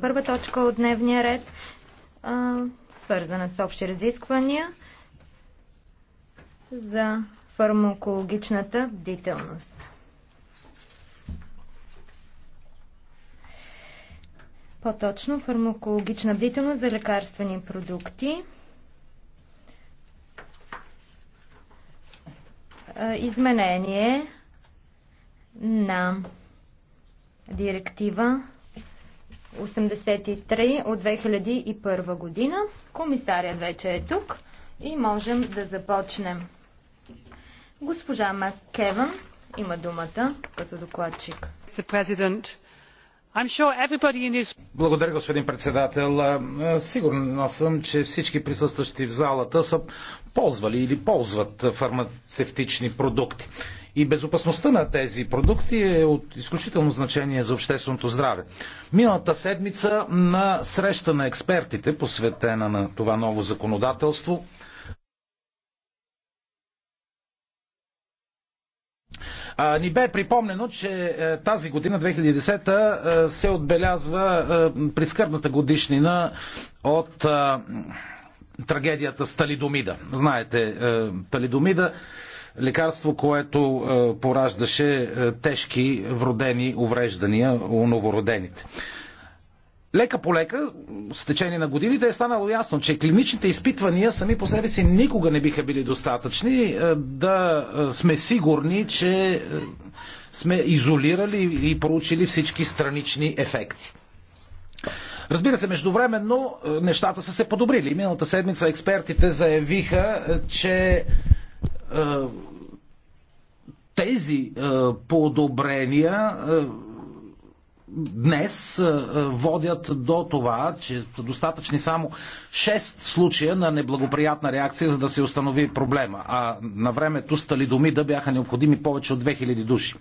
Първа точка от дневния ред, свързана с общи разисквания за фармакологичната бдителност. По-точно фармакологична бдителност за лекарствени продукти. Изменение на директива 83 от 2001 година. Комисарият вече е тук и можем да започнем. Госпожа Маккеван, има думата като докладчик. Благодаря, господин председател. Сигурен съм, че всички присъстващи в залата са ползвали или ползват фармацевтични продукти. И безопасността на тези продукти е от изключително значение за общественото здраве. Миналата седмица на среща на експертите, посветена на това ново законодателство, ни бе припомнено, че е, тази година, 2010, е, се отбелязва е, прискърбната годишнина от трагедията с Талидомида. Знаете, Талидомида Лекарство, което е, пораждаше е, тежки вродени увреждания у новородените. Лека по лека, с течение на годините е станало ясно, че клиничните изпитвания сами по себе си никога не биха били достатъчни е, да сме сигурни, че сме изолирали и проучили всички странични ефекти. Разбира се, междувременно нещата са се подобрили. Миналата седмица експертите заявиха, че е, тези е, подобрения е, днес водят до това, че са достатъчни само 6 случая на неблагоприятна реакция, за да се установи проблема. А на времето сталидомида бяха необходими повече от 2000 души.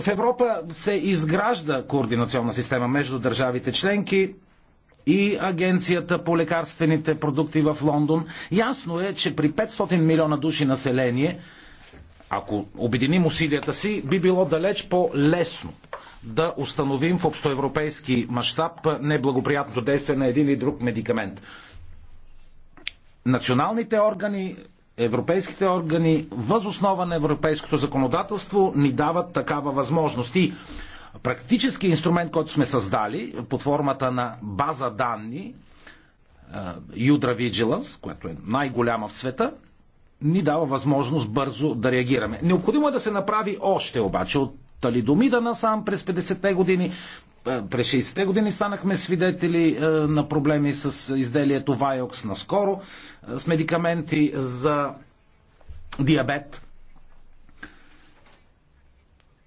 В Европа се изгражда координационна система между държавите членки, и Агенцията по лекарствените продукти в Лондон. Ясно е, че при 500 милиона души население, ако обединим усилията си, би било далеч по-лесно да установим в общоевропейски мащаб неблагоприятното действие на един или друг медикамент. Националните органи, европейските органи, възоснова на европейското законодателство ни дават такава възможност. И практически инструмент, който сме създали под формата на база данни, Юдра е, Vigilance, която е най-голяма в света, ни дава възможност бързо да реагираме. Необходимо е да се направи още обаче от талидомида насам през 50-те години. Е, през 60-те години станахме свидетели е, на проблеми с изделието Вайокс наскоро, с медикаменти за диабет.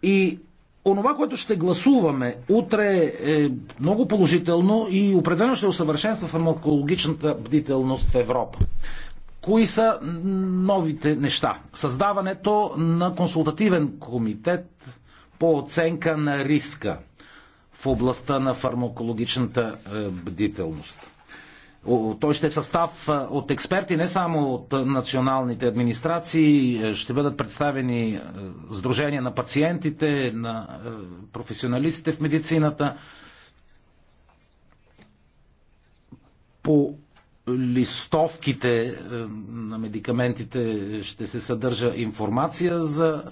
И онова, което ще гласуваме утре е много положително и определено ще е усъвършенства фармакологичната бдителност в Европа. Кои са новите неща? Създаването на консултативен комитет по оценка на риска в областта на фармакологичната е, бдителност той ще е в състав от експерти, не само от националните администрации. Е, ще бъдат представени е, сдружения на пациентите, на е, професионалистите в медицината. По листовките на медикаментите ще се съдържа информация за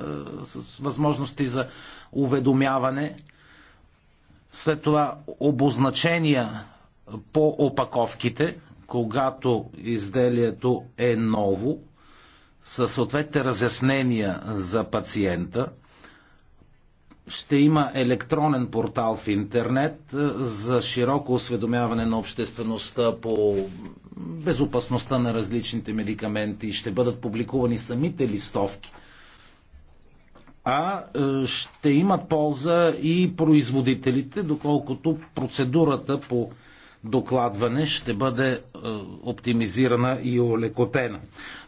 с възможности за уведомяване. След това обозначения по опаковките, когато изделието е ново, със съответните разяснения за пациента. Ще има електронен портал в интернет за широко осведомяване на обществеността по безопасността на различните медикаменти. Ще бъдат публикувани самите листовки а ще имат полза и производителите, доколкото процедурата по докладване ще бъде е, оптимизирана и олекотена.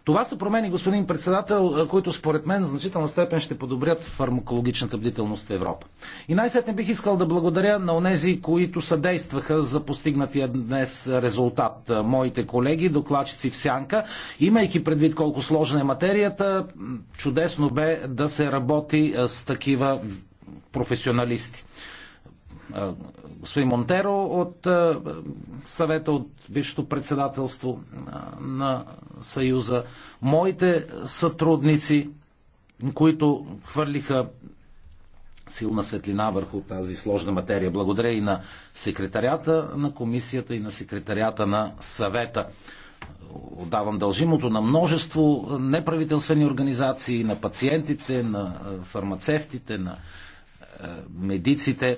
Това са промени, господин председател, е, които според мен в значителна степен ще подобрят фармакологичната бдителност в Европа. И най-сетне бих искал да благодаря на онези, които съдействаха за постигнатия днес резултат. Е, моите колеги, докладчици в Сянка, имайки предвид колко сложна е материята, чудесно бе да се работи с такива професионалисти господин Монтеро от съвета от бившето председателство на Съюза, моите сътрудници, които хвърлиха силна светлина върху тази сложна материя. Благодаря и на секретарята на комисията и на секретарята на съвета. Отдавам дължимото на множество неправителствени организации, на пациентите, на фармацевтите, на медиците.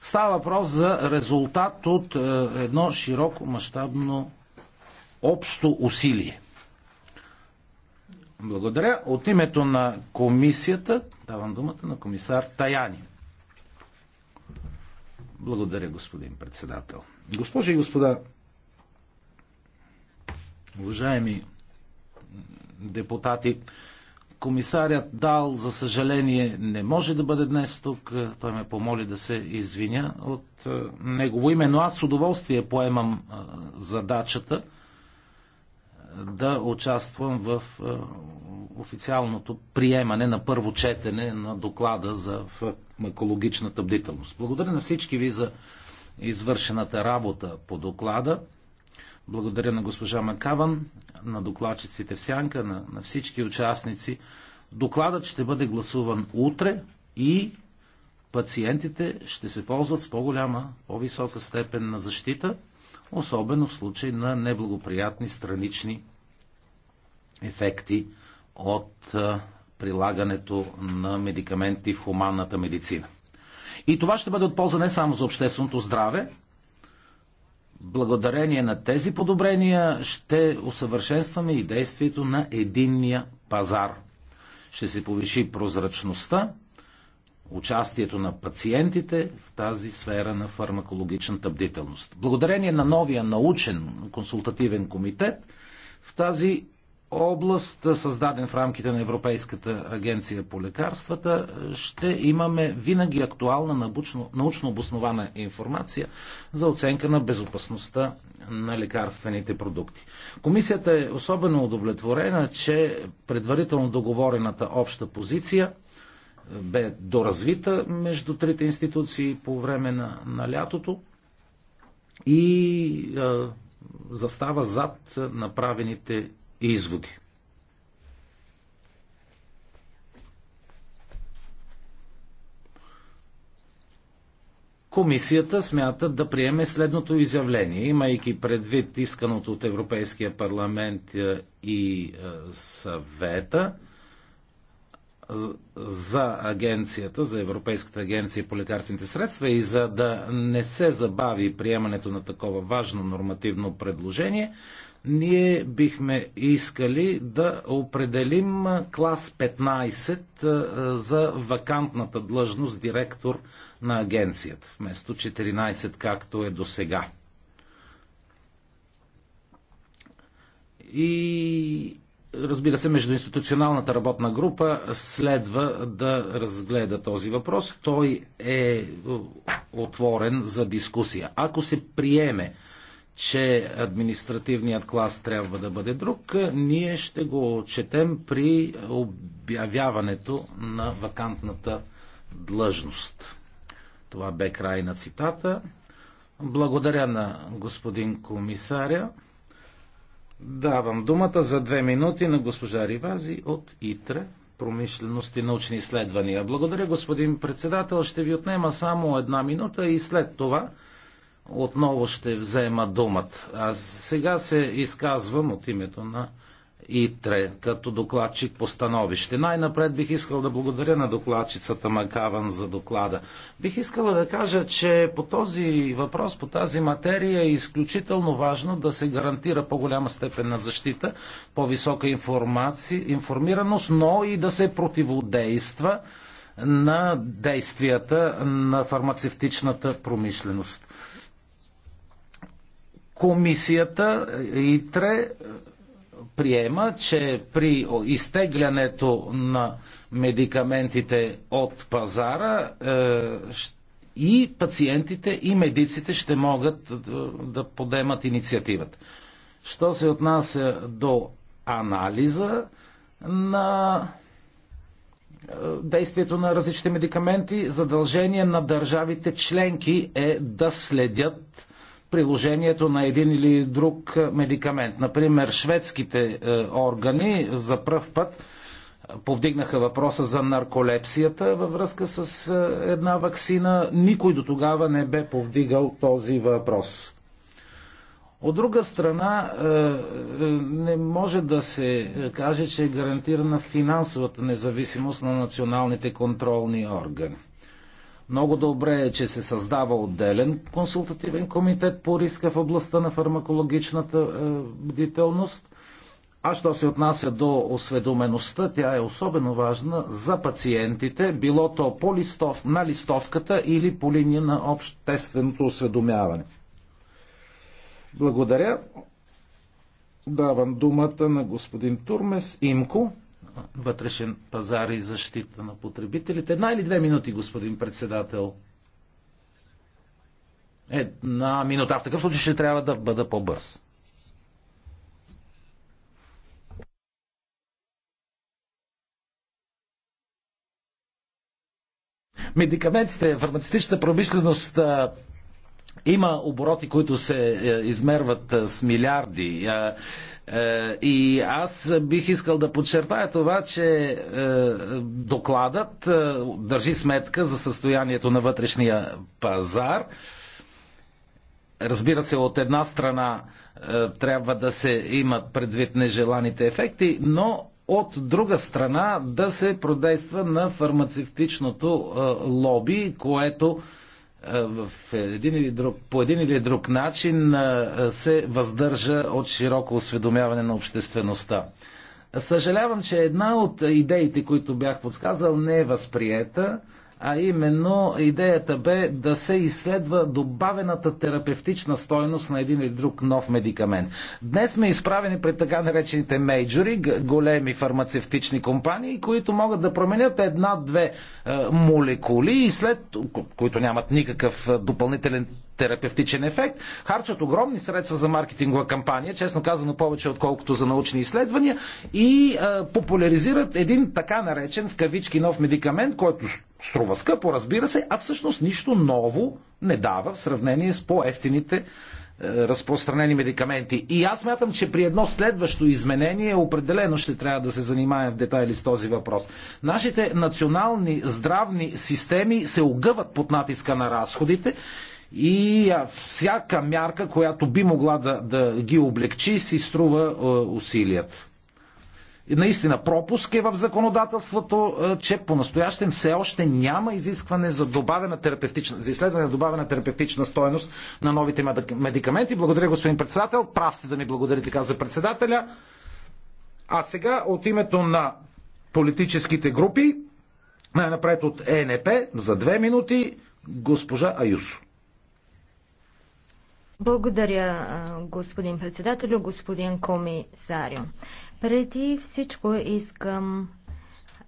Става въпрос за резултат от е, едно широко мащабно общо усилие. Благодаря. От името на комисията давам думата на комисар Таяни. Благодаря, господин председател. Госпожи и господа, уважаеми депутати, Комисарят Дал, за съжаление, не може да бъде днес тук. Той ме помоли да се извиня от е, негово име, но аз с удоволствие поемам е, задачата е, да участвам в официалното приемане на първо четене на доклада за екологичната бдителност. Благодаря на всички ви за извършената работа по доклада. Благодаря на госпожа Макаван на докладчиците в сянка, на, на всички участници. Докладът ще бъде гласуван утре и пациентите ще се ползват с по-голяма, по-висока степен на защита, особено в случай на неблагоприятни странични ефекти от прилагането на медикаменти в хуманната медицина. И това ще бъде от полза не само за общественото здраве, благодарение на тези подобрения ще усъвършенстваме и действието на единния пазар. Ще се повиши прозрачността, участието на пациентите в тази сфера на фармакологичната бдителност. Благодарение на новия научен консултативен комитет в тази област, създаден в рамките на Европейската агенция по лекарствата, ще имаме винаги актуална научно обоснована информация за оценка на безопасността на лекарствените продукти. Комисията е особено удовлетворена, че предварително договорената обща позиция бе доразвита между трите институции по време на, на лятото и е, застава зад направените изводи. Комисията смята да приеме следното изявление, имайки предвид исканото от Европейския парламент е, и е, съвета за агенцията, за Европейската агенция по лекарствените средства и за да не се забави приемането на такова важно нормативно предложение, ние бихме искали да определим клас 15 за вакантната длъжност директор на агенцията, вместо 14 както е до сега. И разбира се, междуинституционалната работна група следва да разгледа този въпрос. Той е, е отворен за дискусия. Ако се приеме че административният клас трябва да бъде друг, ние ще го четем при обявяването на вакантната длъжност. Това бе край на цитата. Благодаря на господин комисаря. Давам думата за две минути на госпожа Ривази от ИТРЕ, промишленост и научни изследвания. Благодаря, господин председател. Ще ви отнема само една минута и след това отново ще взема думата. А сега се изказвам от името на ИТРЕ като докладчик по становище. Най-напред бих искал да благодаря на докладчицата Макаван за доклада. Бих искала да кажа, че по този въпрос, по тази материя е изключително важно да се гарантира по-голяма степен на защита, по-висока информираност, но и да се противодейства на действията на фармацевтичната промишленост. Комисията е, ИТРЕ е, приема, че при изтеглянето на медикаментите от пазара е, и пациентите, и медиците ще могат да подемат инициативата. Що се отнася до анализа на действието на различните медикаменти, задължение на държавите членки е да следят приложението на един или друг медикамент. Например, шведските е, органи за пръв път е, повдигнаха въпроса за нарколепсията във връзка с е, една вакцина. Никой до тогава не бе повдигал този въпрос. От друга страна, не може да се каже, че е гарантирана финансовата независимост на националните контролни органи. Много добре е, че се създава отделен консултативен комитет по риска в областта на фармакологичната е, бдителност. А що се отнася до осведомеността, тя е особено важна за пациентите, било то по листов, на листовката или по линия на общественото осведомяване. Благодаря. Давам думата на господин Турмес Имко вътрешен пазар и защита на потребителите. Една или две минути, господин председател. Една минута. В такъв случай ще трябва да бъда по-бърз. Медикаментите, фармацевтичната промишленост има обороти, които се е, измерват с милиарди. Е, и аз бих искал да подчертая това, че е, докладът е, държи сметка за състоянието на вътрешния пазар. Разбира се, от една страна трябва да се имат предвид нежеланите ефекти, но от друга страна да се продейства на фармацевтичното лоби, което в един или друг, по един или друг начин се въздържа от широко осведомяване на обществеността. Съжалявам, че една от идеите, които бях подсказал, не е възприета а именно идеята бе да се изследва добавената терапевтична стойност на един или друг нов медикамент. Днес сме изправени пред така наречените мейджори, големи фармацевтични компании, които могат да променят една-две е, молекули и след, които нямат никакъв е, допълнителен терапевтичен ефект, харчат огромни средства за маркетингова кампания, честно казано повече отколкото за научни изследвания и а, е, популяризират един така наречен в кавички нов медикамент, който струва скъпо, разбира се, а всъщност нищо ново не дава в сравнение с по-ефтините е, разпространени медикаменти. И аз мятам, че при едно следващо изменение определено ще трябва да се занимаем в детайли с този въпрос. Нашите национални здравни системи се огъват под натиска на разходите и всяка мярка, която би могла да, да ги облегчи, си струва е, усилият наистина пропуск е в законодателството, е, че по-настоящем все още няма изискване за, добавена терапевтична, за изследване на добавена терапевтична стоеност на новите медикаменти. Благодаря, господин председател. Прав сте да ми благодарите, за председателя. А сега от името на политическите групи, най-напред от ЕНП, за две минути, госпожа Аюсо. Благодаря, господин председател, господин комисарио. Преди всичко искам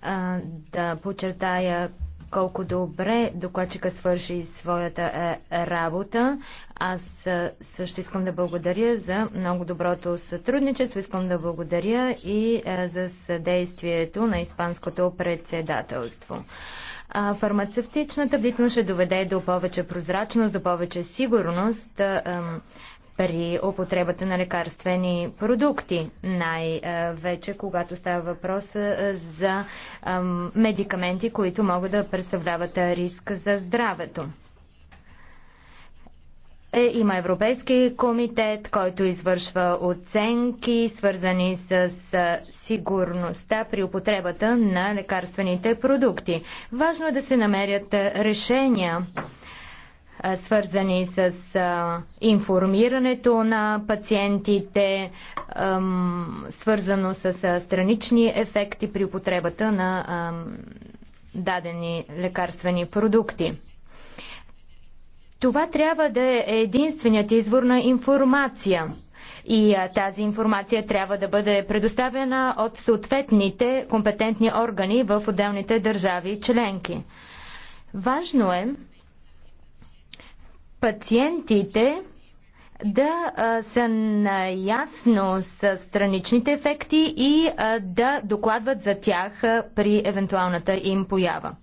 а, да подчертая колко добре докладчика свърши своята е, работа. Аз също искам да благодаря за много доброто сътрудничество. Искам да благодаря и е, за съдействието на Испанското председателство. А фармацевтичната битна ще доведе до повече прозрачност, до повече сигурност при употребата на лекарствени продукти, най-вече когато става въпрос за медикаменти, които могат да представляват риск за здравето. Е, има Европейски комитет, който извършва оценки, свързани с сигурността при употребата на лекарствените продукти. Важно е да се намерят решения, свързани с информирането на пациентите, свързано с странични ефекти при употребата на дадени лекарствени продукти. Това трябва да е единственият извор на информация. И а, тази информация трябва да бъде предоставена от съответните компетентни органи в отделните държави членки. Важно е пациентите да а, са наясно с страничните ефекти и а, да докладват за тях а, при евентуалната им поява.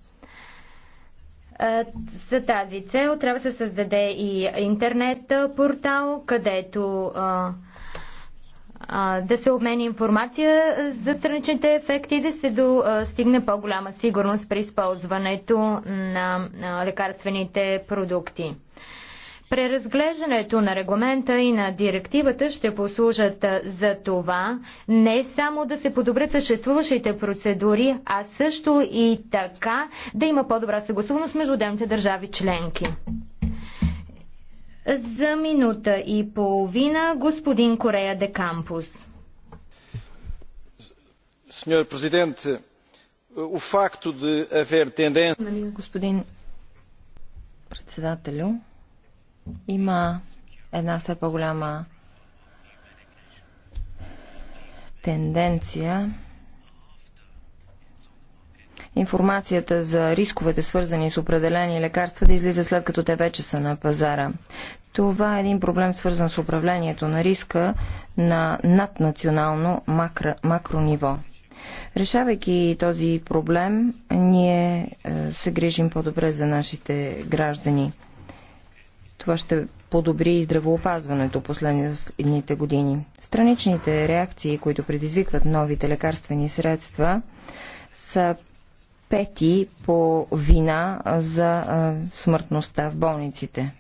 За тази цел трябва да се създаде и интернет портал, където да се обмени информация за страничните ефекти и да се достигне по-голяма сигурност при използването на лекарствените продукти. Преразглеждането на регламента и на директивата ще послужат за това не само да се подобрят съществуващите процедури, а също и така да има по-добра съгласуваност между отделните държави членки. За минута и половина господин Корея де Кампус. Сеньор президент, o факто да haver тенденция... Господин председателю, има една все по-голяма тенденция информацията за рисковете, свързани с определени лекарства, да излиза след като те вече са на пазара. Това е един проблем, свързан с управлението на риска на наднационално макро, макро ниво. Решавайки този проблем, ние е, се грижим по-добре за нашите граждани. Това ще подобри и здравоопазването последните години. Страничните реакции, които предизвикват новите лекарствени средства, са пети по вина за смъртността в болниците.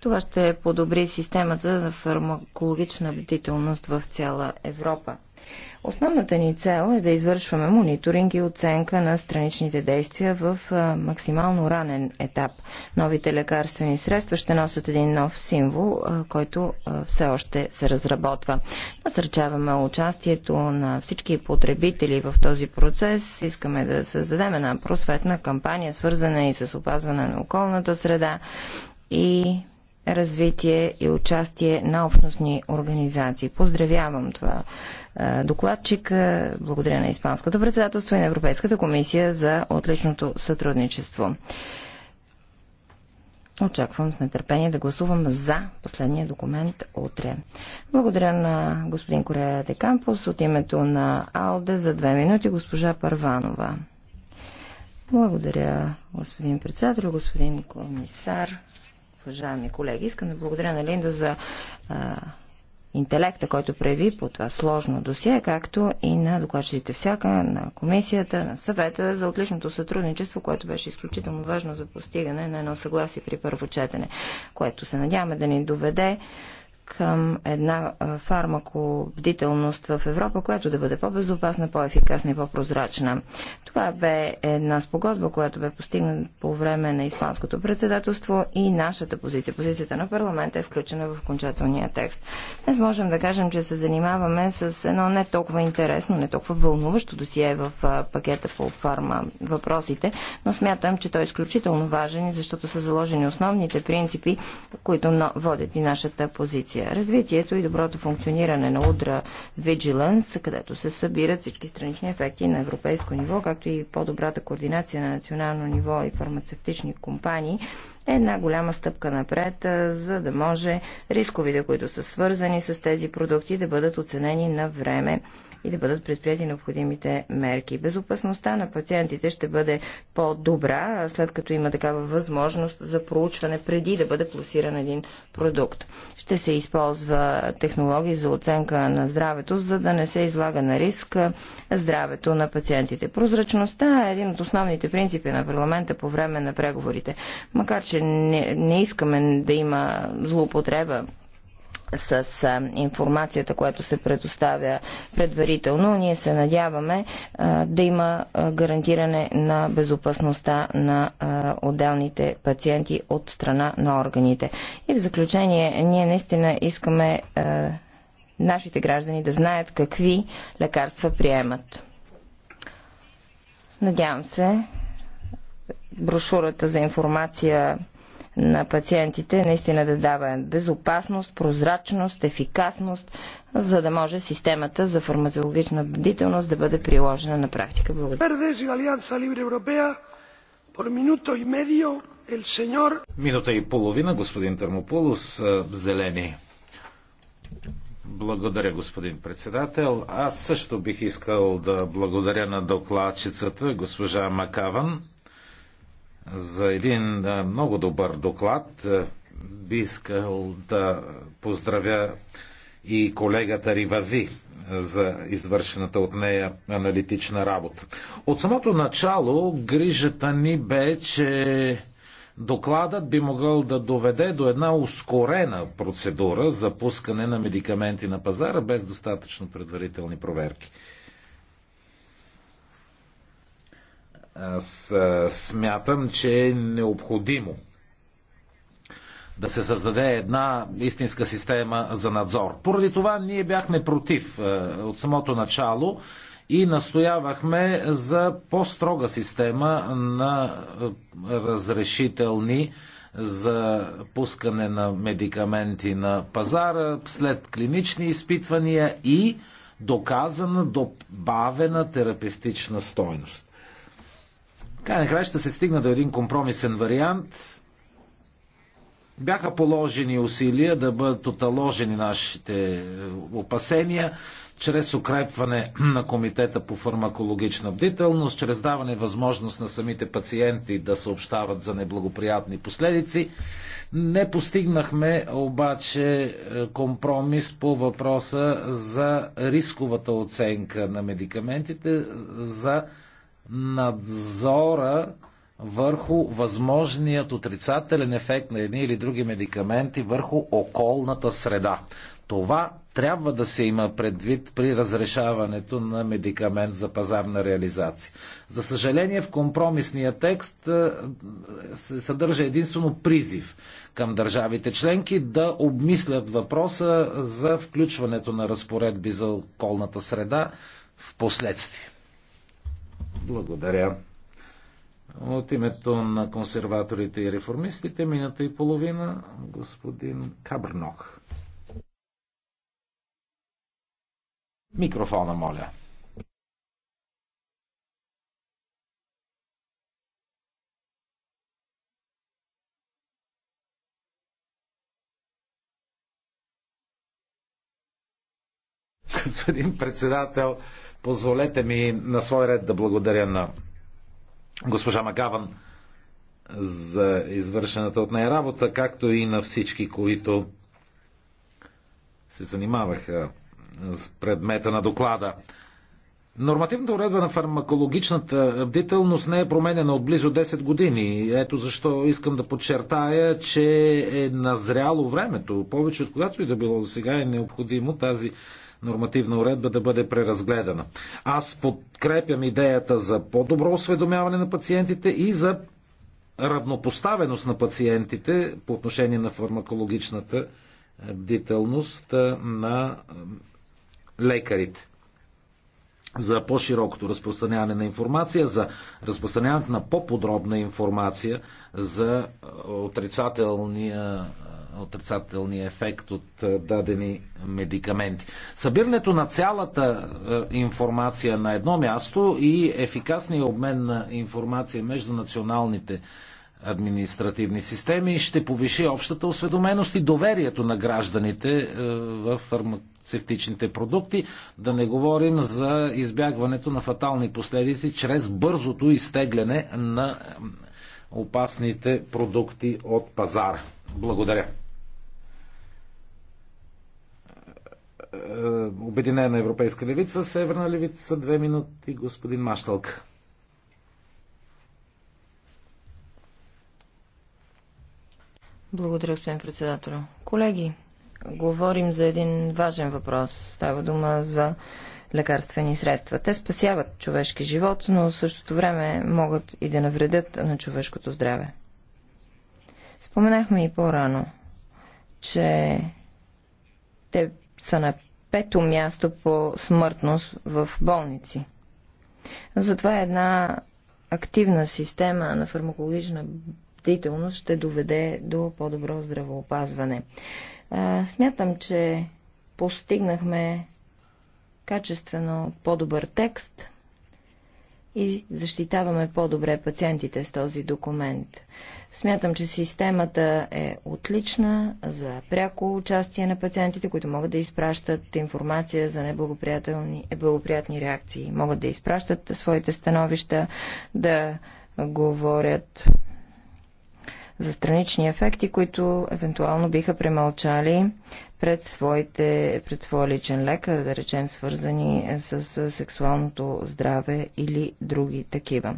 Това ще подобри системата на фармакологична бдителност в цяла Европа. Основната ни цел е да извършваме мониторинг и оценка на страничните действия в максимално ранен етап. Новите лекарствени средства ще носят един нов символ, който все още се разработва. Насърчаваме участието на всички потребители в този процес. Искаме да създадем една просветна кампания, свързана и с опазване на околната среда и развитие и участие на общностни организации. Поздравявам това докладчик. благодаря на Испанското председателство и на Европейската комисия за отличното сътрудничество. Очаквам с нетърпение да гласувам за последния документ утре. Благодаря на господин Корея Декампус от името на АЛДЕ за две минути госпожа Парванова. Благодаря, господин председател, господин комисар, Уважаеми колеги, искам да благодаря на Линда за а, интелекта, който прояви по това сложно досие, както и на докладчиците всяка, на комисията, на съвета за отличното сътрудничество, което беше изключително важно за постигане на едно съгласие при първо четене, което се надяваме да ни доведе към една фармакобдителност в Европа, която да бъде по-безопасна, по-ефикасна и по-прозрачна. Това бе една спогодба, която бе постигната по време на Испанското председателство и нашата позиция. Позицията на парламента е включена в окончателния текст. Днес можем да кажем, че се занимаваме с едно не толкова интересно, не толкова вълнуващо досие в пакета по фарма въпросите, но смятам, че той е изключително важен, защото са заложени основните принципи, които водят и нашата позиция развитие. Развитието и доброто функциониране на Удра Vigilance, където се събират всички странични ефекти на европейско ниво, както и по-добрата координация на национално ниво и фармацевтични компании, е една голяма стъпка напред, за да може рисковите, които са свързани с тези продукти, да бъдат оценени на време и да бъдат предприяти необходимите мерки. Безопасността на пациентите ще бъде по-добра, след като има такава възможност за проучване преди да бъде пласиран един продукт. Ще се използва технологии за оценка на здравето, за да не се излага на риск здравето на пациентите. Прозрачността е един от основните принципи на парламента по време на преговорите. Макар, че не, не искаме да има злоупотреба с информацията, която се предоставя предварително. Ние се надяваме да има гарантиране на безопасността на отделните пациенти от страна на органите. И в заключение, ние наистина искаме нашите граждани да знаят какви лекарства приемат. Надявам се, брошурата за информация на пациентите, наистина да дава безопасност, прозрачност, ефикасност, за да може системата за фармазологична бдителност да бъде приложена на практика. Благодаря. Минута и половина, господин Термополус, зелени. Благодаря, господин председател. Аз също бих искал да благодаря на докладчицата, госпожа Макаван за един много добър доклад. Би искал да поздравя и колегата Ривази за извършената от нея аналитична работа. От самото начало грижата ни бе, че докладът би могъл да доведе до една ускорена процедура за пускане на медикаменти на пазара без достатъчно предварителни проверки. Аз смятам, че е необходимо да се създаде една истинска система за надзор. Поради това ние бяхме против от самото начало и настоявахме за по-строга система на разрешителни за пускане на медикаменти на пазара след клинични изпитвания и доказана добавена терапевтична стойност. Край на края ще се стигна до един компромисен вариант. Бяха положени усилия да бъдат оталожени нашите е, опасения чрез укрепване на комитета по фармакологична бдителност, чрез даване възможност на самите пациенти да съобщават за неблагоприятни последици. Не постигнахме обаче е, компромис по въпроса за рисковата оценка на медикаментите за надзора върху възможният отрицателен ефект на едни или други медикаменти върху околната среда. Това трябва да се има предвид при разрешаването на медикамент за пазарна реализация. За съжаление, в компромисния текст е, се съдържа единствено призив към държавите членки да обмислят въпроса за включването на разпоредби за околната среда в последствие. Благодаря. От името на консерваторите и реформистите, минута и половина, господин Кабрнок. Микрофона, моля. Господин председател, Позволете ми на свой ред да благодаря на госпожа Магаван за извършената от нея работа, както и на всички, които се занимаваха с предмета на доклада. Нормативната уредба на фармакологичната бдителност не е променена от близо 10 години. Ето защо искам да подчертая, че е назряло времето. Повече от когато и да било до сега е необходимо тази нормативна уредба да бъде преразгледана. Аз подкрепям идеята за по-добро осведомяване на пациентите и за равнопоставеност на пациентите по отношение на фармакологичната е, бдителност е, на е, лекарите за по-широкото разпространяване на информация, за разпространяването на по-подробна информация за отрицателния отрицателния ефект от е, дадени медикаменти. Събирането на цялата е, информация на едно място и ефикасния обмен на информация между националните административни системи ще повиши общата осведоменост и доверието на гражданите е, в фармацевтичните продукти. Да не говорим за избягването на фатални последици чрез бързото изтегляне на опасните продукти от пазара. Благодаря. Е, обединена европейска левица, Северна левица, две минути, господин Машталк. Благодаря, господин председател. Колеги, говорим за един важен въпрос. Става дума за лекарствени средства. Те спасяват човешки живот, но в същото време могат и да навредят на човешкото здраве. Споменахме и по-рано, че те са на пето място по смъртност в болници. Затова една активна система на фармакологична бдителност ще доведе до по-добро здравоопазване. Смятам, че постигнахме качествено по-добър текст, и защитаваме по-добре пациентите с този документ. Смятам, че системата е отлична за пряко участие на пациентите, които могат да изпращат информация за неблагоприятни е, реакции. Могат да изпращат своите становища, да говорят за странични ефекти, които евентуално биха премълчали пред, своите, пред своя личен лекар, да речем свързани с, с сексуалното здраве или други такива.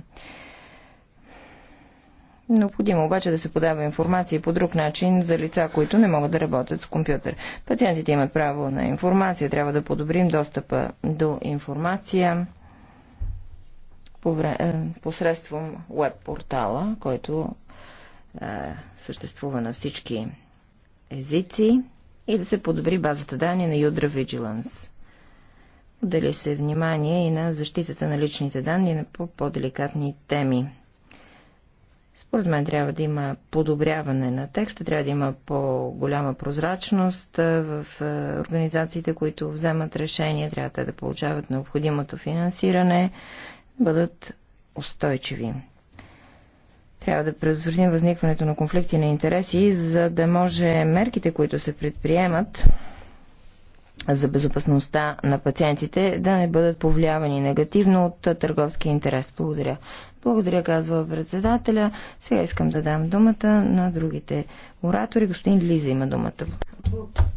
Необходимо обаче да се подава информация по друг начин за лица, които не могат да работят с компютър. Пациентите имат право на информация, трябва да подобрим достъпа до информация е, посредством веб портала, който е, съществува на всички езици и да се подобри базата данни на Юдра Vigilance. Отдели се внимание и на защитата на личните данни на по-деликатни теми. Според мен трябва да има подобряване на текста, трябва да има по-голяма прозрачност в организациите, които вземат решения, трябва да получават необходимото финансиране, бъдат устойчиви. Трябва да предотвратим възникването на конфликти на интереси, за да може мерките, които се предприемат, за безопасността на пациентите да не бъдат повлиявани негативно от търговския интерес. Благодаря. Благодаря, казва председателя. Сега искам да дам думата на другите оратори. Господин Лиза има думата.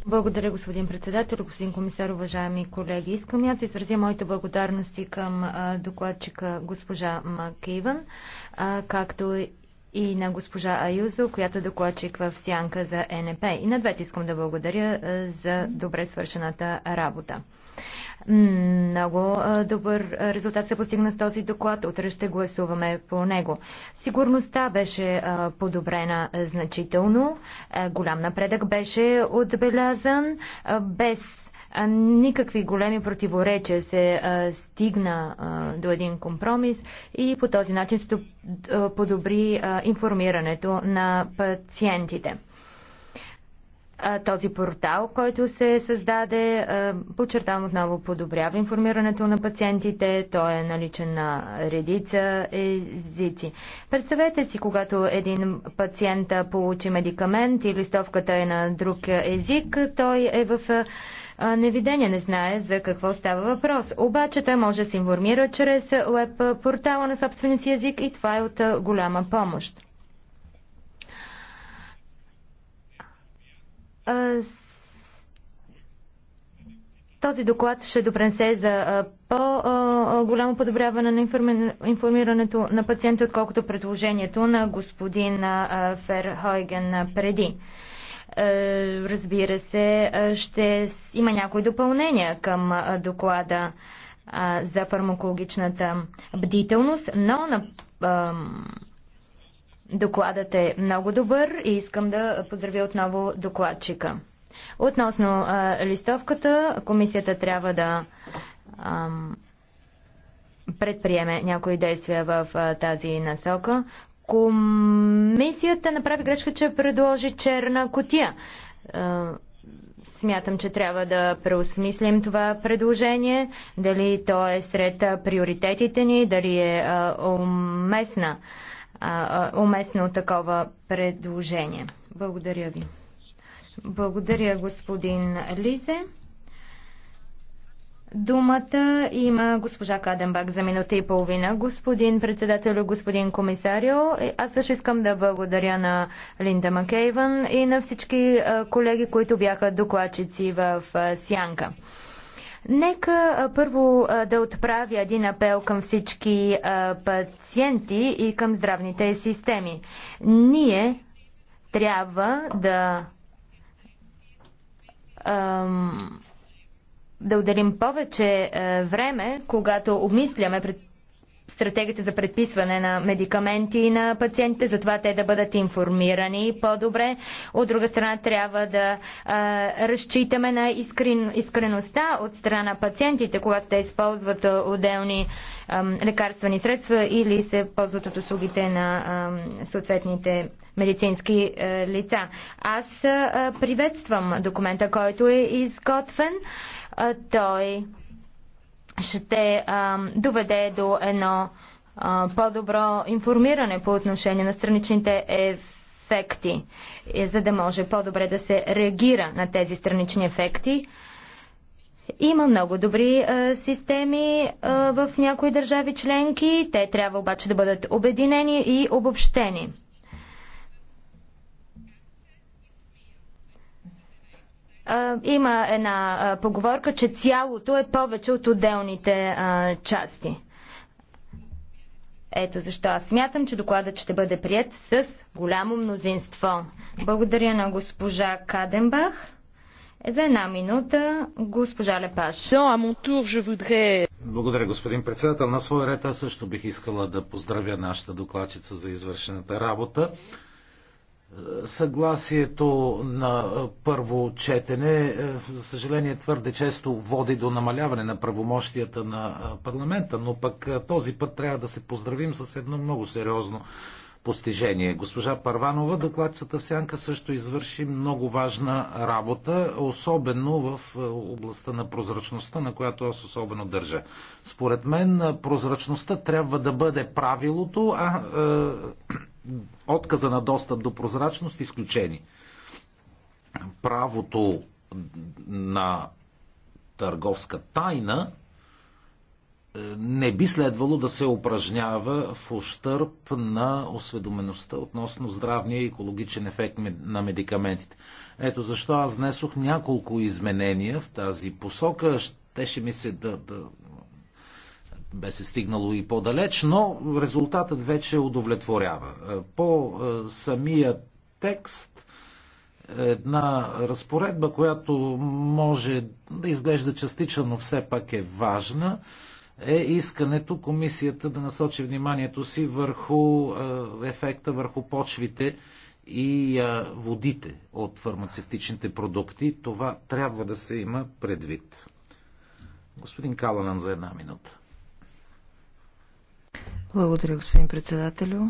Благодаря, господин председател, господин комисар, уважаеми колеги. Искам аз да изразя моите благодарности към докладчика госпожа Макиван, както и на госпожа Аюзо, която е докладчик в Сянка за НП. И на двете искам да благодаря за добре свършената работа. Много добър резултат се постигна с този доклад. Утре ще гласуваме по него. Сигурността беше подобрена значително. Е, голям напредък беше отбелязан без Никакви големи противоречия се стигна до един компромис и по този начин се подобри информирането на пациентите този портал, който се създаде, подчертавам отново, подобрява информирането на пациентите. Той е наличен на редица езици. Представете си, когато един пациент получи медикамент и листовката е на друг език, той е в невидение, не знае за какво става въпрос. Обаче той може да се информира чрез веб портала на собствения си език и това е от голяма помощ. Този доклад ще допренесе за по-голямо подобряване на информирането на пациента, отколкото предложението на господин Ферхойген преди. Е, разбира се, е, ще има някои допълнения към е, доклада за фармакологичната бдителност, но на Докладът е много добър и искам да поздравя отново докладчика. Относно а, листовката, комисията трябва да а, предприеме някои действия в а, тази насока. Комисията направи грешка, че предложи черна котия. Е, смятам, че трябва да преосмислим това предложение, дали то е сред приоритетите ни, дали е, е уместна, е, уместно такова предложение. Благодаря ви. Благодаря, господин Лизе. Думата има госпожа Каденбак за минута и половина. Господин председател, господин комисарио, е, аз също искам да благодаря на Линда Макейвън и на всички е, колеги, които бяха докладчици в е, Сянка. Нека първо да отправя един апел към всички пациенти и към здравните системи. Ние трябва да да отделим повече е, време, когато обмисляме пред стратегията за предписване на медикаменти на пациентите, затова те да бъдат информирани по-добре. От друга страна трябва да а, е, разчитаме на искрен, искреността от страна на пациентите, когато те използват е, отделни ам, лекарствени средства или се ползват от услугите на ам, съответните медицински а, е, лица. Аз а, приветствам документа, който е изготвен. А, той ще доведе до едно по-добро информиране по отношение на страничните ефекти, е, за да може по-добре да се реагира на тези странични ефекти. Има много добри а, системи а, в някои държави членки. Те трябва обаче да бъдат обединени и обобщени. има една поговорка, че цялото е повече от отделните части. Ето защо аз смятам, че докладът ще бъде прият с голямо мнозинство. Благодаря на госпожа Каденбах. Е, за една минута госпожа Лепаш. Благодаря, господин председател. На своя ред аз също бих искала да поздравя нашата докладчица за извършената работа. Съгласието на първо четене, е, за съжаление, твърде често води до намаляване на правомощията на парламента, но пък този път трябва да се поздравим с едно много сериозно постижение. Госпожа Парванова, докладчата в Сянка, също извърши много важна работа, особено в областта на прозрачността, на която аз особено държа. Според мен прозрачността трябва да бъде правилото, а отказа на достъп до прозрачност изключени. Правото на търговска тайна е, не би следвало да се упражнява в ущърп на осведомеността относно здравния и екологичен ефект на медикаментите. Ето защо аз внесох няколко изменения в тази посока. Щеше ми се да, да бе се стигнало и по-далеч, но резултатът вече удовлетворява. Е, по е, самия текст една разпоредба, която може да изглежда частична, но все пак е важна, е искането комисията да насочи вниманието си върху е, ефекта върху почвите и водите от фармацевтичните продукти. Това трябва да се има предвид. Господин Каланан за една минута. Благодаря, господин председателю.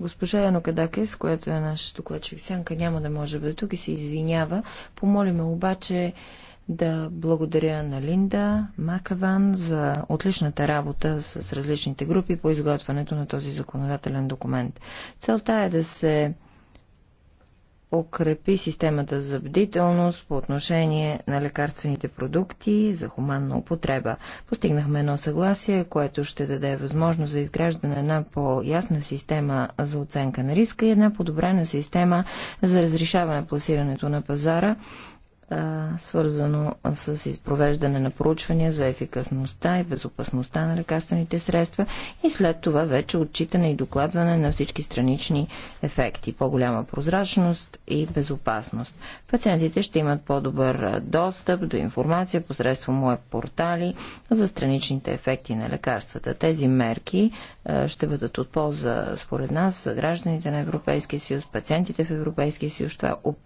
Госпожа Кадакес, която е наш докладчик Сянка, няма да може да бъде тук и се извинява. Помолиме обаче да благодаря на Линда Макаван за отличната работа с различните групи по изготвянето на този законодателен документ. Целта е да се укрепи системата за бдителност по отношение на лекарствените продукти за хуманна употреба. Постигнахме едно съгласие, което ще даде възможност за изграждане на по-ясна система за оценка на риска и една подобрена система за разрешаване пласирането на пазара свързано с изпровеждане на проучвания за ефикасността и безопасността на лекарствените средства и след това вече отчитане и докладване на всички странични ефекти, по-голяма прозрачност и безопасност. Пациентите ще имат по-добър достъп до информация посредством веб портали за страничните ефекти на лекарствата. Тези мерки ще бъдат от полза според нас за гражданите на Европейския съюз, пациентите в Европейския съюз,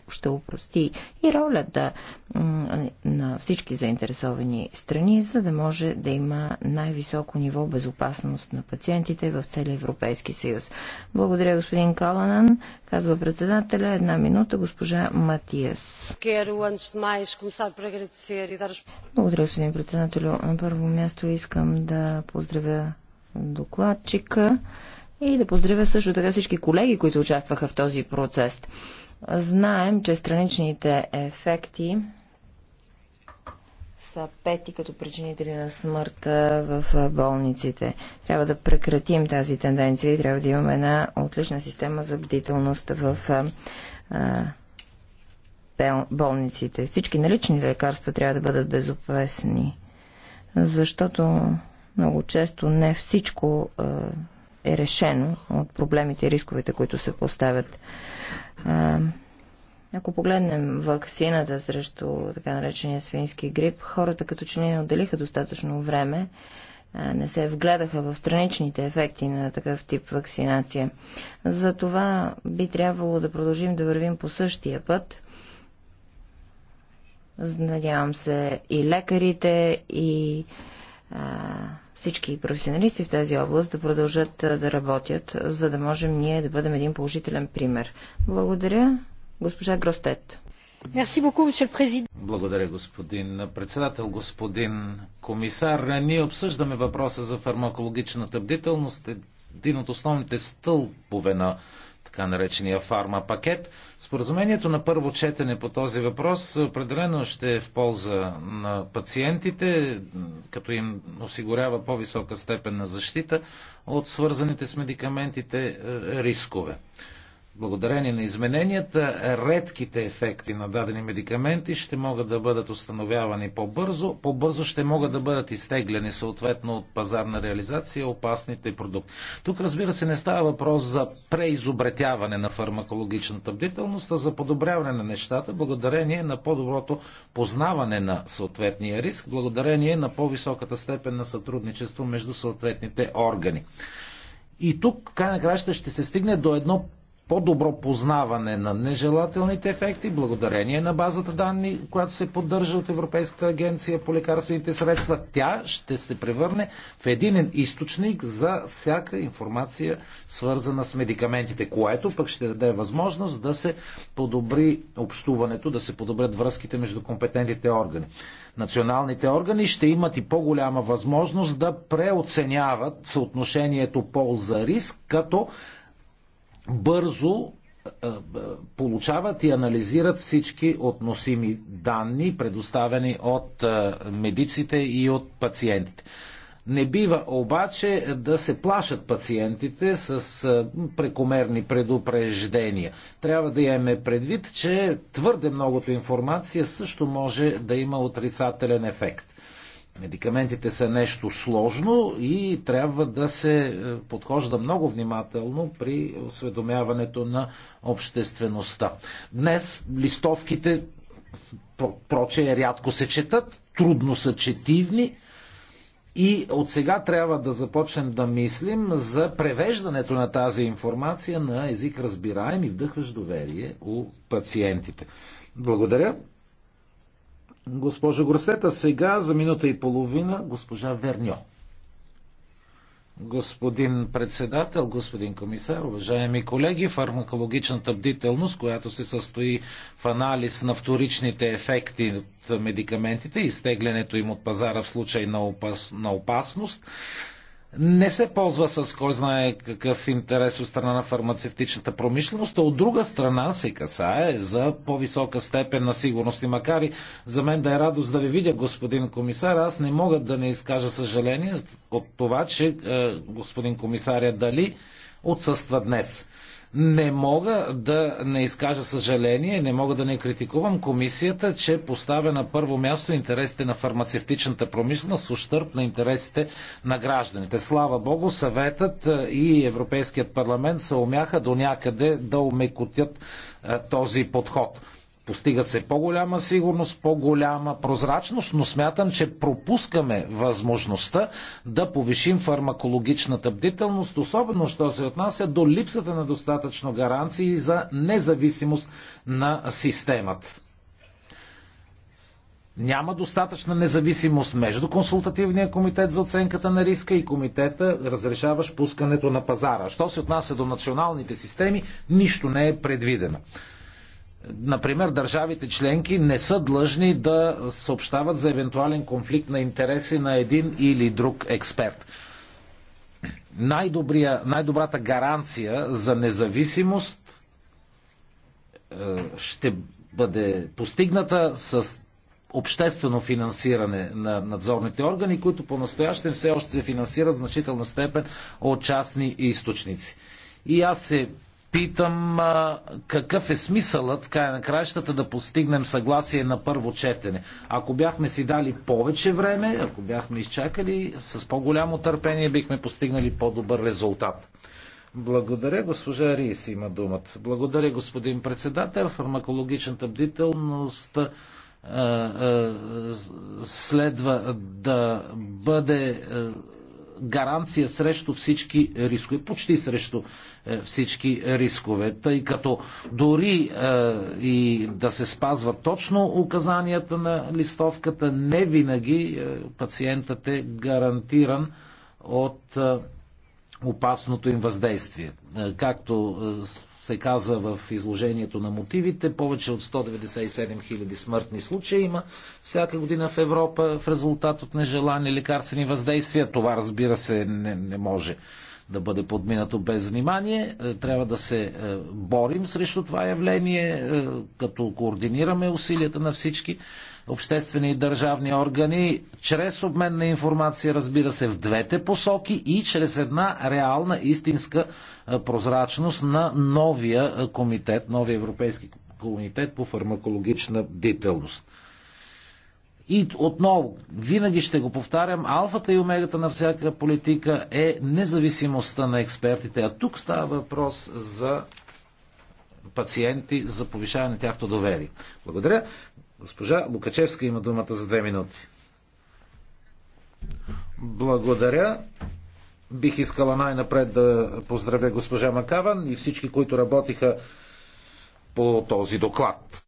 ще опрости и ролята на всички заинтересовани страни, за да може да има най-високо ниво безопасност на пациентите в целия Европейски съюз. Благодаря, господин Каланан. Казва председателя. Една минута, госпожа Матиас. Благодаря, господин председателю. На първо място искам да поздравя докладчика и да поздравя също така всички колеги, които участваха в този процес. Знаем, че страничните ефекти са пети като причинители на смърт в болниците. Трябва да прекратим тази тенденция и трябва да имаме една отлична система за бдителност в болниците. Всички налични лекарства трябва да бъдат безопасни, защото много често не всичко е решено от проблемите и рисковете, които се поставят. Ако погледнем вакцината срещу така наречения свински грип, хората като че не отделиха достатъчно време, не се вгледаха в страничните ефекти на такъв тип вакцинация. Затова би трябвало да продължим да вървим по същия път. Надявам се и лекарите, и а, всички професионалисти в тази област да продължат да работят, за да можем ние да бъдем един положителен пример. Благодаря, госпожа Гростет. Благодаря, господин председател, господин комисар. Ние обсъждаме въпроса за фармакологичната бдителност, един от основните стълбове на така наречения фармапакет. Споразумението на първо четене по този въпрос определено ще е в полза на пациентите, като им осигурява по-висока степен на защита от свързаните с медикаментите е, рискове благодарение на измененията, редките ефекти на дадени медикаменти ще могат да бъдат установявани по-бързо, по-бързо ще могат да бъдат изтегляни съответно от пазарна реализация опасните продукти. Тук разбира се не става въпрос за преизобретяване на фармакологичната бдителност, а за подобряване на нещата благодарение на по-доброто познаване на съответния риск, благодарение на по-високата степен на сътрудничество между съответните органи. И тук, край на краща, ще се стигне до едно по-добро познаване на нежелателните ефекти, благодарение на базата данни, която се поддържа от Европейската агенция по лекарствените средства, тя ще се превърне в един източник за всяка информация, свързана с медикаментите, което пък ще даде възможност да се подобри общуването, да се подобрят връзките между компетентните органи. Националните органи ще имат и по-голяма възможност да преоценяват съотношението полза-риск, като бързо получават и анализират всички относими данни, предоставени от медиците и от пациентите. Не бива обаче да се плашат пациентите с прекомерни предупреждения. Трябва да имаме предвид, че твърде многото информация също може да има отрицателен ефект. Медикаментите са нещо сложно и трябва да се е, подхожда много внимателно при осведомяването на обществеността. Днес листовките, проче, рядко се четат, трудно са четивни, и от сега трябва да започнем да мислим за превеждането на тази информация на език разбираем и вдъхващ доверие у пациентите. Благодаря. Госпожо Гросета, сега за минута и половина госпожа Верньо. Господин председател, господин комисар, уважаеми колеги, фармакологичната бдителност, която се състои в анализ на вторичните ефекти от медикаментите и изтеглянето им от пазара в случай на, опас... на опасност, не се ползва с кой знае какъв интерес от страна на фармацевтичната промишленост, а от друга страна се касае за по-висока степен на сигурност. И макар и за мен да е радост да ви видя, господин комисар, аз не мога да не изкажа съжаление от това, че е, господин комисаря Дали отсъства днес не мога да не изкажа съжаление, не мога да не критикувам комисията, че поставя на първо място интересите на фармацевтичната промишленост в ущърп на интересите на гражданите. Слава Богу, съветът и Европейският парламент се умяха до някъде да омекотят този подход. Постига се по-голяма сигурност, по-голяма прозрачност, но смятам, че пропускаме възможността да повишим фармакологичната бдителност, особено що се отнася до липсата на достатъчно гаранции за независимост на системата. Няма достатъчна независимост между консултативния комитет за оценката на риска и комитета, разрешаващ пускането на пазара. Що се отнася до националните системи, нищо не е предвидено. Например, държавите членки не са длъжни да съобщават за евентуален конфликт на интереси на един или друг експерт. най-добрата най гаранция за независимост е, ще бъде постигната с обществено финансиране на надзорните органи, които по настоящен все още се финансират в значителна степен от частни източници. И аз се питам а, какъв е смисълът, в края на краищата, да постигнем съгласие на първо четене. Ако бяхме си дали повече време, ако бяхме изчакали с по-голямо търпение, бихме постигнали по-добър резултат. Благодаря, госпожа Рис има думата. Благодаря, господин председател. Фармакологичната бдителност а, а, следва да бъде гаранция срещу всички рискове, почти срещу е, всички рискове, тъй като дори е, и да се спазва точно указанията на листовката, не винаги е, пациентът е гарантиран от опасното им въздействие. Както се каза в изложението на мотивите. Повече от 197 000 смъртни случаи има всяка година в Европа в резултат от нежелани лекарствени въздействия. Това, разбира се, не, не може да бъде подминато без внимание. Е, трябва да се е, борим срещу това явление, е, като координираме усилията на всички обществени и държавни органи, чрез обмен на информация, разбира се, в двете посоки и чрез една реална, истинска прозрачност на новия комитет, новия Европейски комитет по фармакологична бдителност. И отново, винаги ще го повтарям, алфата и омегата на всяка политика е независимостта на експертите. А тук става въпрос за пациенти, за повишаване на тяхто доверие. Благодаря. Госпожа Лукачевска има думата за две минути. Благодаря. Бих искала най-напред да поздравя госпожа Макаван и всички, които работиха по този доклад.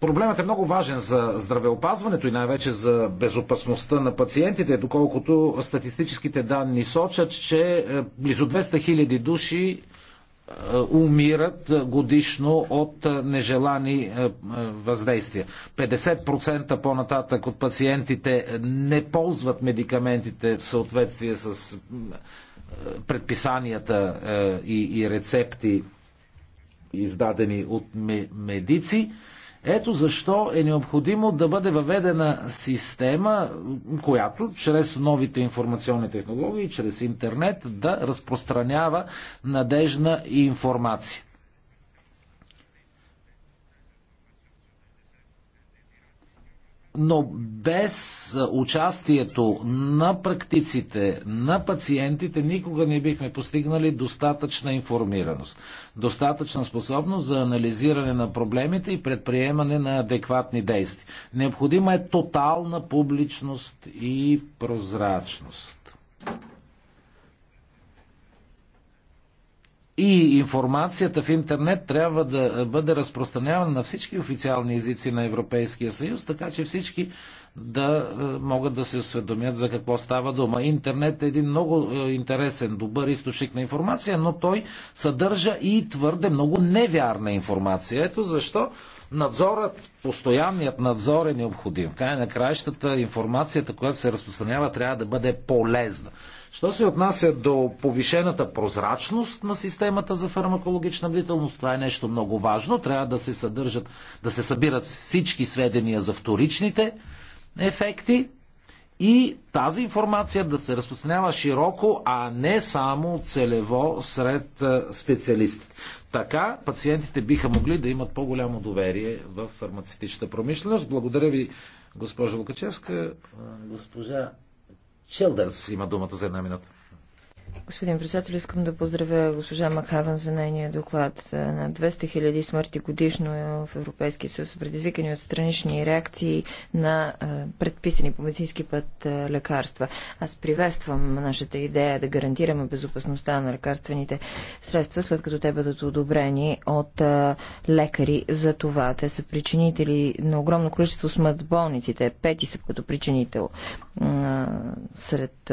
Проблемът е много важен за здравеопазването и най-вече за безопасността на пациентите, доколкото статистическите данни сочат, че е, близо 200 000 души е, умират е, годишно от е, нежелани въздействия. 50% по-нататък от пациентите не ползват медикаментите в съответствие с предписанията и рецепти, издадени от медици. Ето защо е необходимо да бъде въведена система, която чрез новите информационни технологии, чрез интернет да разпространява надежна информация. но без участието на практиците, на пациентите, никога не бихме постигнали достатъчна информираност, достатъчна способност за анализиране на проблемите и предприемане на адекватни действия. Необходима е тотална публичност и прозрачност. И информацията в интернет трябва да бъде разпространявана на всички официални езици на Европейския съюз, така че всички да е, могат да се осведомят за какво става дума. Интернет е един много е, интересен, добър източник на информация, но той съдържа и твърде много невярна информация. Ето защо Надзорът, постоянният надзор е необходим. В край на краищата информацията, която се разпространява, трябва да бъде полезна. Що се отнася до повишената прозрачност на системата за фармакологична бдителност, това е нещо много важно. Трябва да се съдържат, да се събират всички сведения за вторичните ефекти и тази информация да се разпространява широко, а не само целево сред специалистите. Така пациентите биха могли да имат по-голямо доверие в фармацевтичната промишленост. Благодаря ви, госпожа Лукачевска. Госпожа Челдърс има думата за една минута. Господин председател, искам да поздравя госпожа Макхаван за нейния доклад. Е, на 200 000 смърти годишно е в Европейския съюз, предизвикани от странични реакции на е, предписани по медицински път лекарства. Аз приветствам нашата идея да гарантираме безопасността на лекарствените средства, след като те бъдат одобрени от лекари за това. Те са причинители на огромно количество смърт в болниците. Пети са като причинител сред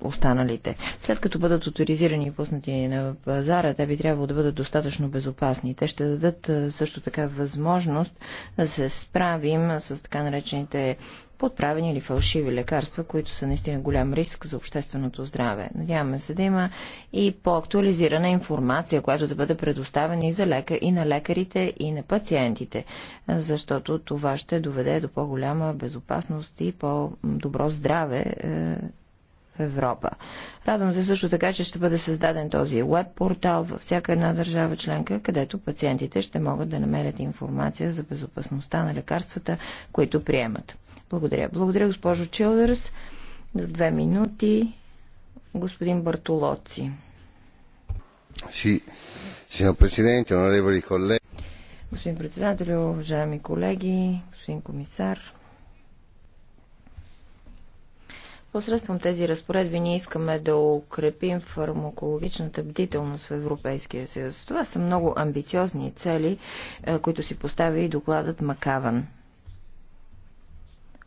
останалите. След като бъдат авторизирани и пуснати на пазара, те би трябвало да бъдат достатъчно безопасни. Те ще дадат също така възможност да се справим с така наречените подправени или фалшиви лекарства, които са наистина голям риск за общественото здраве. Надяваме се да има и по-актуализирана информация, която да бъде предоставена и, за лекар, и на лекарите, и на пациентите, защото това ще доведе до по-голяма безопасност и по-добро здраве Европа. Радвам се също така, че ще бъде създаден този веб портал във всяка една държава членка, където пациентите ще могат да намерят информация за безопасността на лекарствата, които приемат. Благодаря. Благодаря, госпожо Чилдърс. За две минути господин Бартолоци. Си, signor Presidente, onorevoli colleghi. Господин председател, уважаеми колеги, господин комисар. Посредством тези разпоредби ние искаме да укрепим фармакологичната бдителност в Европейския съюз. Това са много амбициозни цели, е, които си поставя и докладът Макаван.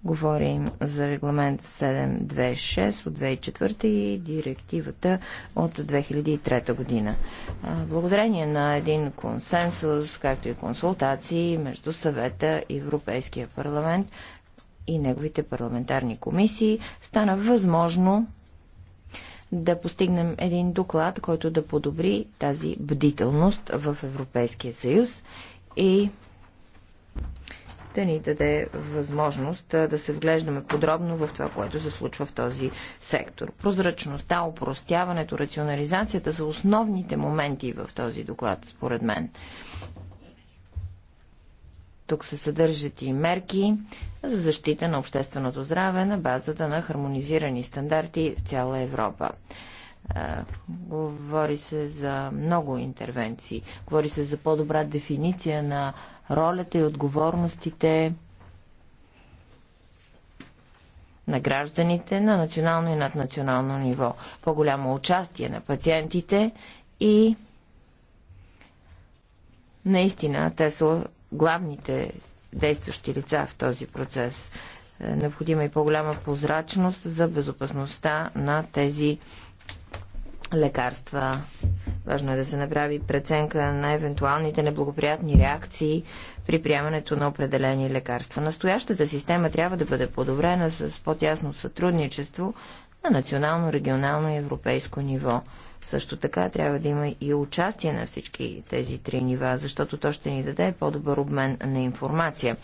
Говорим за регламент 726 от 2004 и директивата от 2003 година. Благодарение на един консенсус, както и консултации между съвета и Европейския парламент, и неговите парламентарни комисии, стана възможно да постигнем един доклад, който да подобри тази бдителност в Европейския съюз и да ни даде възможност да се вглеждаме подробно в това, което се случва в този сектор. Прозрачността, упростяването, рационализацията са основните моменти в този доклад, според мен. Тук се съдържат и мерки за защита на общественото здраве на базата на хармонизирани стандарти в цяла Европа. Говори се за много интервенции. Говори се за по-добра дефиниция на ролята и отговорностите на гражданите на национално и наднационално ниво. По-голямо участие на пациентите и наистина те са главните действащи лица в този процес. Е, необходима и по-голяма прозрачност за безопасността на тези лекарства. Важно е да се направи преценка на евентуалните неблагоприятни реакции при приемането на определени лекарства. Настоящата система трябва да бъде подобрена с по-тясно сътрудничество на национално, регионално и европейско ниво. Също така трябва да има и участие на всички тези три нива, защото то ще ни даде по-добър обмен на информация.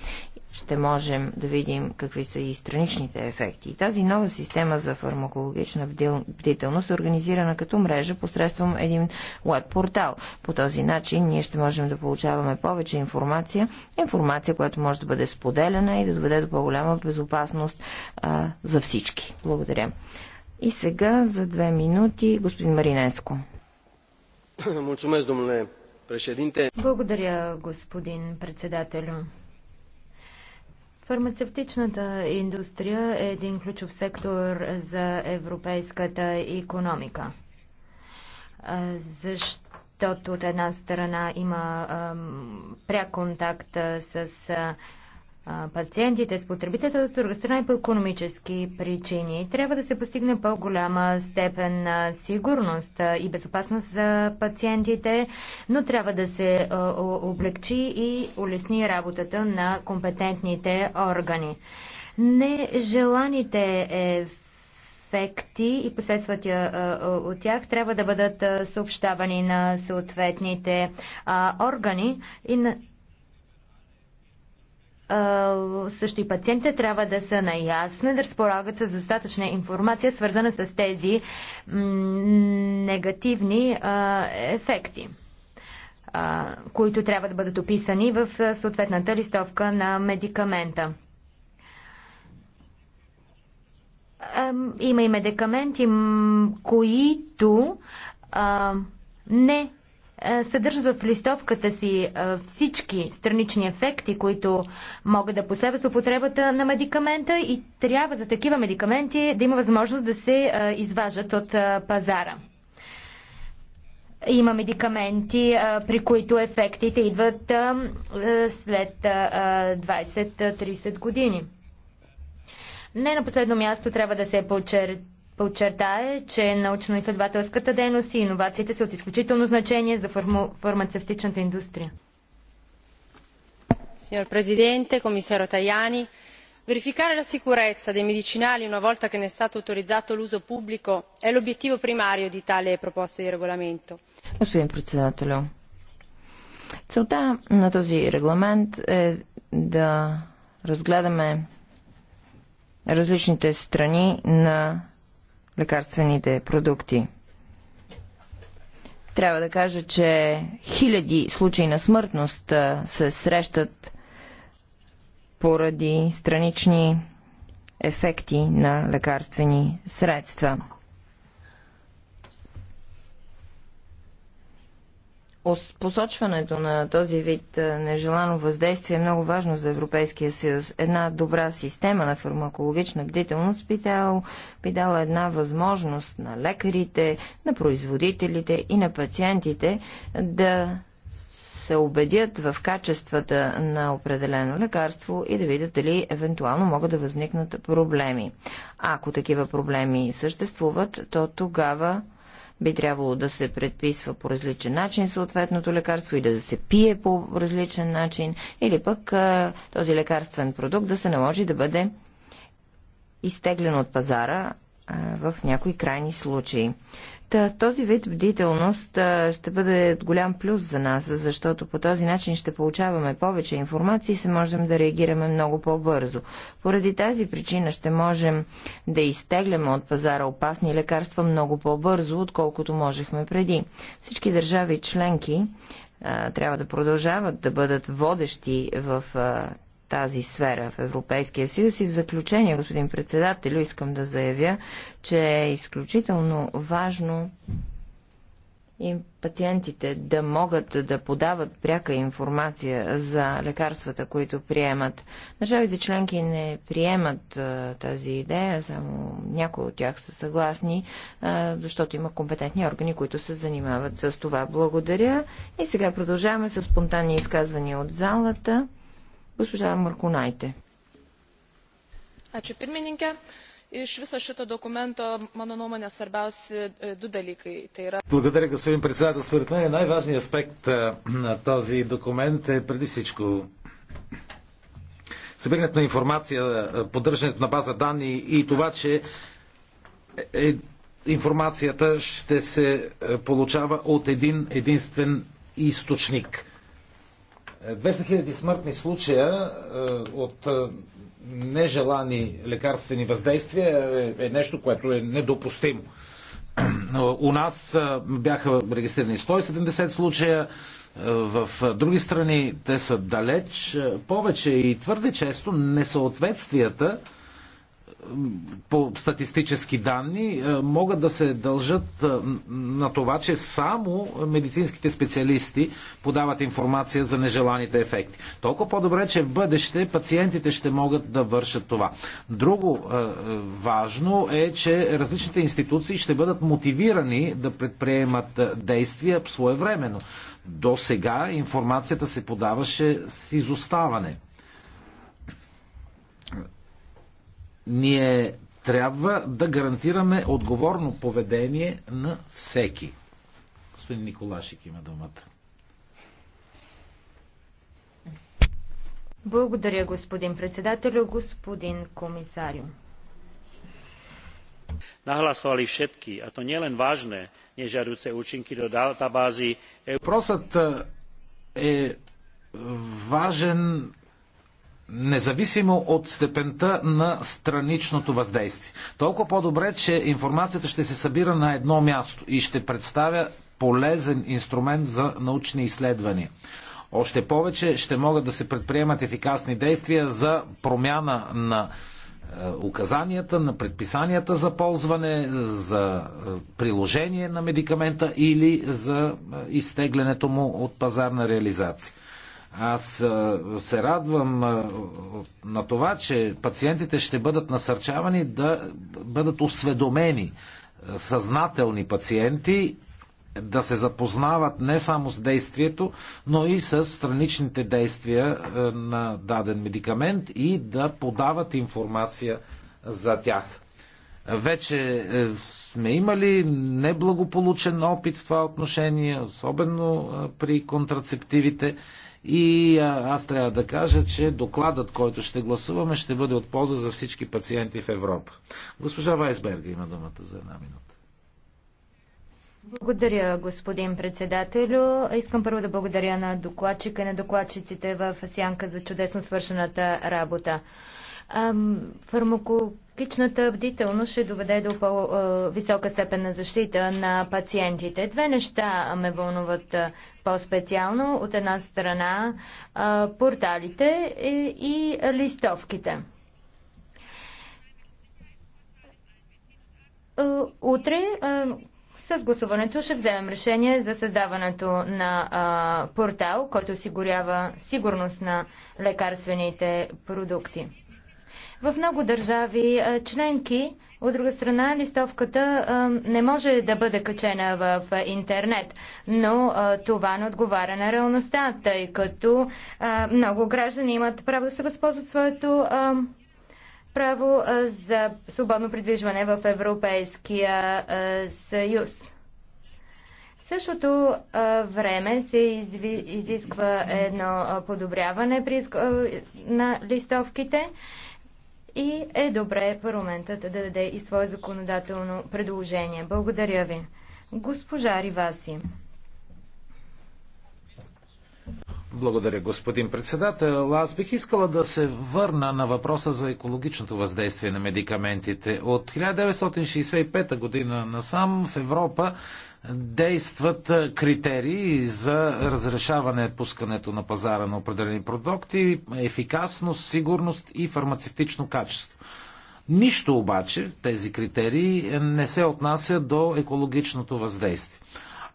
Ще можем да видим какви са и страничните ефекти. Тази нова система за фармакологична бдителност е организирана като мрежа посредством един веб портал. По този начин ние ще можем да получаваме повече информация, информация, която може да бъде споделена и да доведе до по-голяма безопасност а, за всички. Благодаря. И сега за две минути господин Маринеско. Благодаря, господин председателю. Фармацевтичната индустрия е един ключов сектор за европейската економика. Защото от една страна има пряк контакт с пациентите, с потребителите, от друга страна и по економически причини. Трябва да се постигне по-голяма степен на сигурност и безопасност за пациентите, но трябва да се облегчи и улесни работата на компетентните органи. Нежеланите е ефекти и последствата от тях трябва да бъдат съобщавани на съответните органи и на също и пациентите трябва да са наясни, да разполагат с достатъчна информация, свързана с тези негативни а, ефекти, а, които трябва да бъдат описани в съответната листовка на медикамента. А, има и медикаменти, които не е, съдържат в листовката си е, всички странични ефекти, които могат да последват употребата на медикамента и трябва за такива медикаменти да има възможност да се е, изважат от пазара. Има медикаменти, при които ефектите идват след 20-30 години. Не на последно място трябва да се подчертава подчертае, че научно-изследователската дейност и иновациите са от изключително значение за фарма... фармацевтичната индустрия. Signor Presidente, Commissario Tajani, verificare la sicurezza dei medicinali una volta che ne è stato autorizzato l'uso pubblico è l'obiettivo primario di tale proposta di regolamento. Господин председател, целта на този регламент е да разгледаме различните страни на лекарствените продукти. Трябва да кажа, че хиляди случаи на смъртност се срещат поради странични ефекти на лекарствени средства. посочването на този вид е, нежелано въздействие е много важно за Европейския съюз. Една добра система на фармакологична бдителност би дала, би дала една възможност на лекарите, на производителите и на пациентите да се убедят в качествата на определено лекарство и да видят дали евентуално могат да възникнат проблеми. Ако такива проблеми съществуват, то тогава би трябвало да се предписва по различен начин съответното лекарство и да се пие по различен начин, или пък този лекарствен продукт да се наложи да бъде изтеглен от пазара, в някои крайни случаи. Та, този вид бдителност ще бъде голям плюс за нас, защото по този начин ще получаваме повече информация и се можем да реагираме много по-бързо. Поради тази причина ще можем да изтегляме от пазара опасни лекарства много по-бързо, отколкото можехме преди. Всички държави членки трябва да продължават да бъдат водещи в а, тази сфера в Европейския съюз. И в заключение, господин председател, искам да заявя, че е изключително важно и пациентите да могат да подават пряка информация за лекарствата, които приемат. Държавите членки не приемат а, тази идея, само някои от тях са съгласни, а, защото има компетентни органи, които се занимават с това. Благодаря. И сега продължаваме с спонтанни изказвания от залата. Госпожа Марконайте. Ačiū pirmininkė. Iš viso šito dokumento, mano nuomonė, svarbiausi e, du dalykai. Tai yra... Благодаря, господин председател. Според мен най-важният аспект е, на този документ е преди всичко събирането на информация, е, поддържането на база данни и това, че е, информацията ще се получава от един единствен източник. 200 000 смъртни случая е, от е, нежелани лекарствени въздействия е, е нещо, което е недопустимо. У нас бяха регистрирани 170 случая, в други страни те са далеч повече и твърде често несъответствията по статистически данни е, могат да се дължат е, на това, че само медицинските специалисти подават информация за нежеланите ефекти. Толкова по-добре, че в бъдеще пациентите ще могат да вършат това. Друго е, важно е, че различните институции ще бъдат мотивирани да предприемат действия своевременно. До сега информацията се подаваше с изоставане. Ние трябва да гарантираме отговорно поведение на всеки. Господин Николашик има думата. Благодаря, господин председател, господин комисарио. а то не е nielen не nežiaduce учинки до датабази. Въпросът е, е важен независимо от степента на страничното въздействие. Толкова по-добре, че информацията ще се събира на едно място и ще представя полезен инструмент за научни изследвания. Още повече ще могат да се предприемат ефикасни действия за промяна на е, указанията, на предписанията за ползване, за е, приложение на медикамента или за е, изтеглянето му от пазарна реализация. Аз се радвам на това, че пациентите ще бъдат насърчавани да бъдат осведомени, съзнателни пациенти, да се запознават не само с действието, но и с страничните действия на даден медикамент и да подават информация за тях. Вече е, сме имали неблагополучен опит в това отношение, особено при контрацептивите. И аз трябва да кажа, че докладът, който ще гласуваме, ще бъде от полза за всички пациенти в Европа. Госпожа Вайсберга има думата за една минута. Благодаря, господин председателю. Искам първо да благодаря на докладчика и на докладчиците в Асянка за чудесно свършената работа. Фармако Личната бдителност ще доведе до по-висока е, степен на защита на пациентите. Две неща ме вълнуват е, по-специално. От една страна е, порталите и листовките. Утре с гласуването ще вземем решение за създаването на портал, който осигурява сигурност на лекарствените продукти. В много държави членки, от друга страна, листовката не може да бъде качена в интернет, но това не отговаря на реалността, тъй като много граждани имат право да се възползват своето право за свободно придвижване в Европейския съюз. В същото време се изисква едно подобряване на листовките и е добре парламентът да даде и свое законодателно предложение. Благодаря ви. Госпожа Риваси. Благодаря, господин председател. Аз бих искала да се върна на въпроса за екологичното въздействие на медикаментите. От 1965 година насам в Европа действат критерии за разрешаване пускането на пазара на определени продукти, ефикасност, сигурност и фармацевтично качество. Нищо обаче тези критерии не се отнася до екологичното въздействие.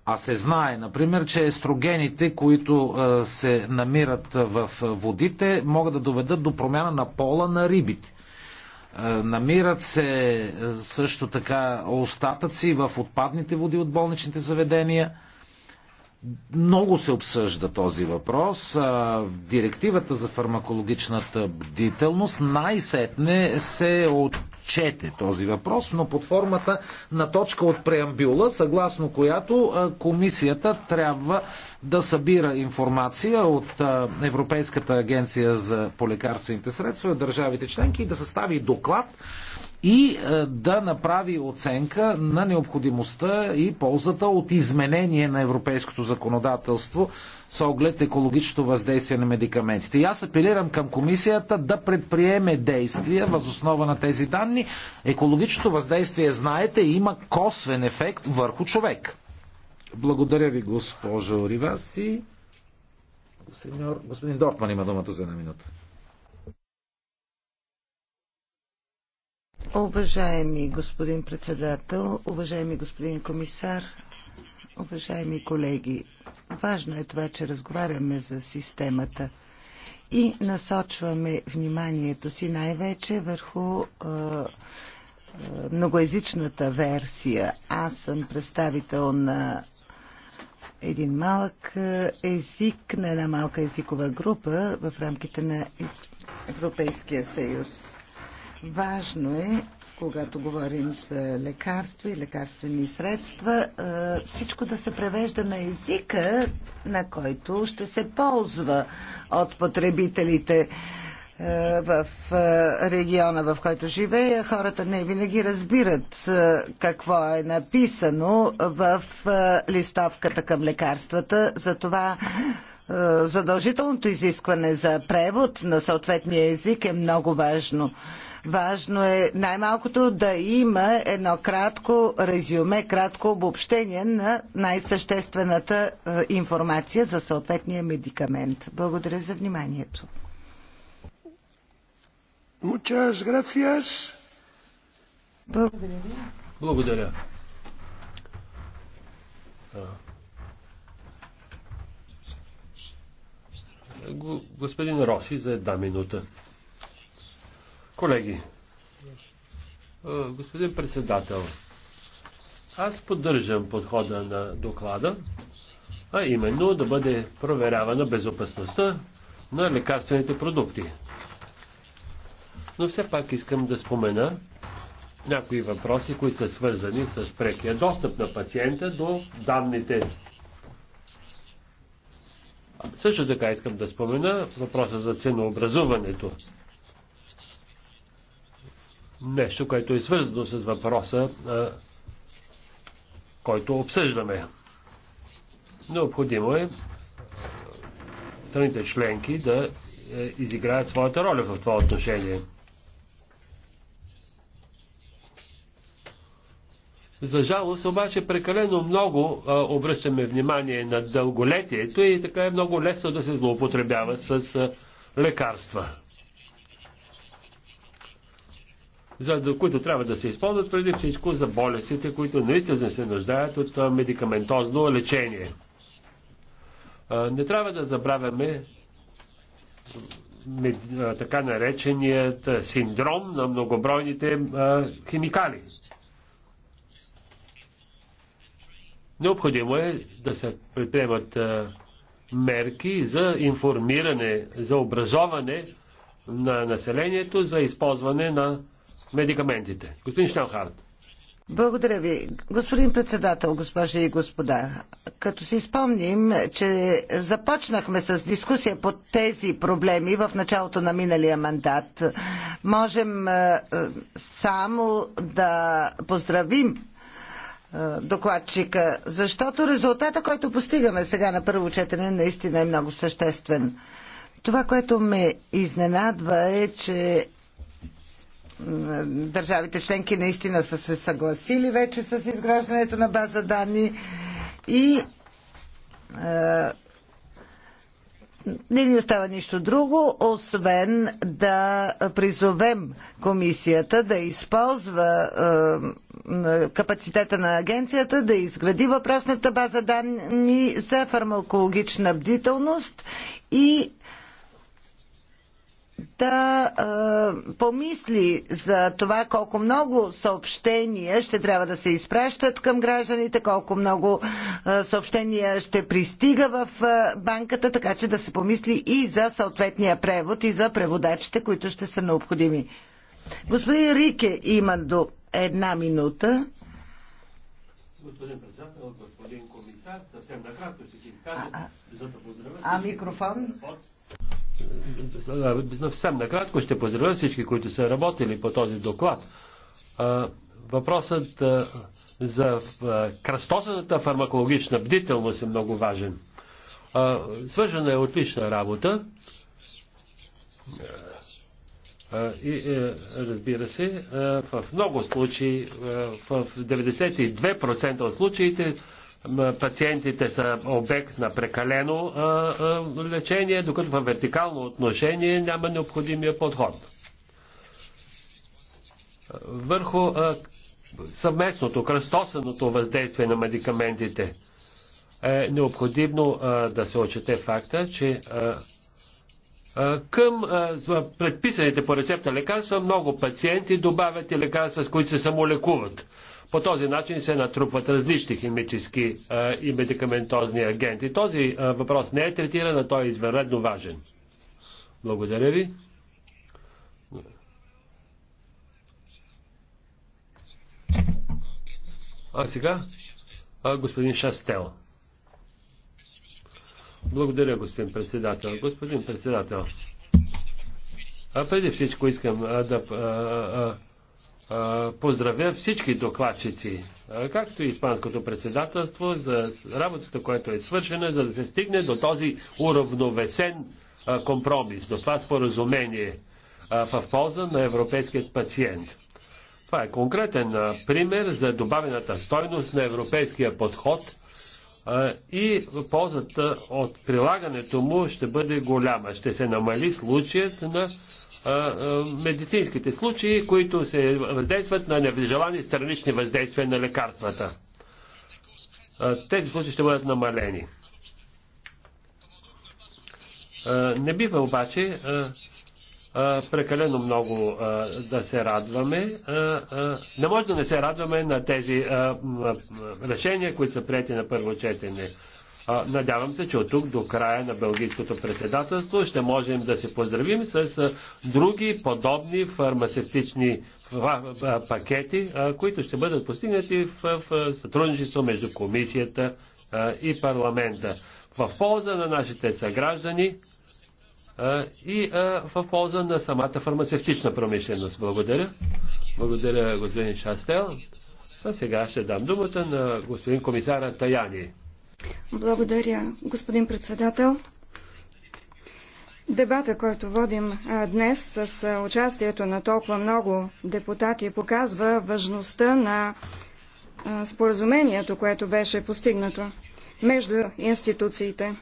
А се знае, например, че естрогените, които се намират в водите, могат да доведат до промяна на пола на рибите. Е, намират се е, също така остатъци в отпадните води от болничните заведения. Много се обсъжда този въпрос. Е, в директивата за фармакологичната бдителност най-сетне се от чете този въпрос, но под формата на точка от преамбюла, съгласно която комисията трябва да събира информация от Европейската агенция за полекарствените средства и от държавите членки и да състави доклад и е, да направи оценка на необходимостта и ползата от изменение на европейското законодателство с оглед екологичното въздействие на медикаментите. И аз апелирам към комисията да предприеме действия възоснова на тези данни. Екологичното въздействие, знаете, има косвен ефект върху човек. Благодаря ви, госпожо Риваси. Господин Дортман има думата за една минута. Уважаеми господин председател, уважаеми господин комисар, уважаеми колеги, важно е това, че разговаряме за системата и насочваме вниманието си най-вече върху е, многоязичната версия. Аз съм представител на един малък език, на една малка езикова група в рамките на Европейския съюз. Важно е, когато говорим за лекарства и лекарствени средства, е, всичко да се превежда на езика, на който ще се ползва от потребителите е, в е, региона, в който живея, хората не винаги разбират какво е написано в листовката към лекарствата. Затова задължителното изискване за превод на съответния език е много важно. Важно е най-малкото да има едно кратко резюме, кратко обобщение на най-съществената е, информация за съответния медикамент. Благодаря за вниманието. Благодаря. Благодаря. Господин Роси за една минута. Колеги, господин председател, аз поддържам подхода на доклада, а именно да бъде проверявана безопасността на лекарствените продукти. Но все пак искам да спомена някои въпроси, които са свързани с прекия достъп на пациента до данните. Също така искам да спомена въпроса за ценообразуването нещо, което е свързано с въпроса, който обсъждаме. Необходимо е страните членки да е, изиграят своята роля в това отношение. За жалост, обаче прекалено много а, обръщаме внимание на дълголетието и така е много лесно да се злоупотребява с а, лекарства. за които трябва да се използват преди всичко за болестите, които наистина се нуждаят от медикаментозно лечение. Не трябва да забравяме така нареченият синдром на многобройните химикали. Необходимо е да се предприемат мерки за информиране, за образоване на населението за използване на медикаментите. Господин Штанхарт. Благодаря ви. Господин председател, госпожи и господа, като си спомним, че започнахме с дискусия по тези проблеми в началото на миналия мандат, можем е, е, само да поздравим е, докладчика, защото резултата, който постигаме сега на първо четене, наистина е много съществен. Това, което ме изненадва е, че държавите членки наистина са се съгласили вече с изграждането на база данни и е, не ни остава нищо друго, освен да призовем комисията да използва е, капацитета на агенцията, да изгради въпросната база данни за фармакологична бдителност и да помисли за това колко много съобщения ще трябва да се изпращат към гражданите, колко много съобщения ще пристига в банката, така че да се помисли и за съответния превод и за преводачите, които ще са необходими. Господин Рике има до една минута. Господин председател, господин комисар, съвсем накратко ще ти изкажа, за да поздравя. А микрофон? От е, съвсем накратко ще поздравя всички, които са работили по този доклад. Въпросът за кръстосаната фармакологична бдителност е много важен. Свържена е отлична работа. И, е, разбира се, в много случаи, в 92% от случаите, пациентите са обект на прекалено лечение, докато в вертикално отношение няма необходимия подход. Върху съвместното, кръстосаното въздействие на медикаментите е необходимо да се отчете факта, че към предписаните по рецепта лекарства много пациенти добавят и лекарства, с които се самолекуват. По този начин се натрупват различни химически и медикаментозни агенти. Този въпрос не е третиран, а той е извънредно важен. Благодаря ви. А сега господин Шастел. Благодаря, господин председател. Господин председател, а преди всичко искам а, да а, а, поздравя всички докладчици, както и Испанското председателство, за работата, която е свършена, за да се стигне до този уравновесен компромис, до това споразумение в полза на европейският пациент. Това е конкретен пример за добавената стойност на европейския подход и ползата от прилагането му ще бъде голяма. Ще се намали случаят на медицинските случаи, които се въздействат на нежелани странични въздействия на лекарствата. Тези случаи ще бъдат намалени. Не бива обаче прекалено много да се радваме. Не може да не се радваме на тези решения, които са прияти на първо четене. Надявам се, че от тук до края на Белгийското председателство ще можем да се поздравим с други подобни фармацевтични пакети, които ще бъдат постигнати в сътрудничество между комисията и парламента. В полза на нашите съграждани и в полза на самата фармацевтична промишленост. Благодаря. Благодаря, господин Шастел. А сега ще дам думата на господин комисара Таяни. Благодаря, господин председател. Дебата, който водим днес с участието на толкова много депутати, показва важността на споразумението, което беше постигнато между институциите,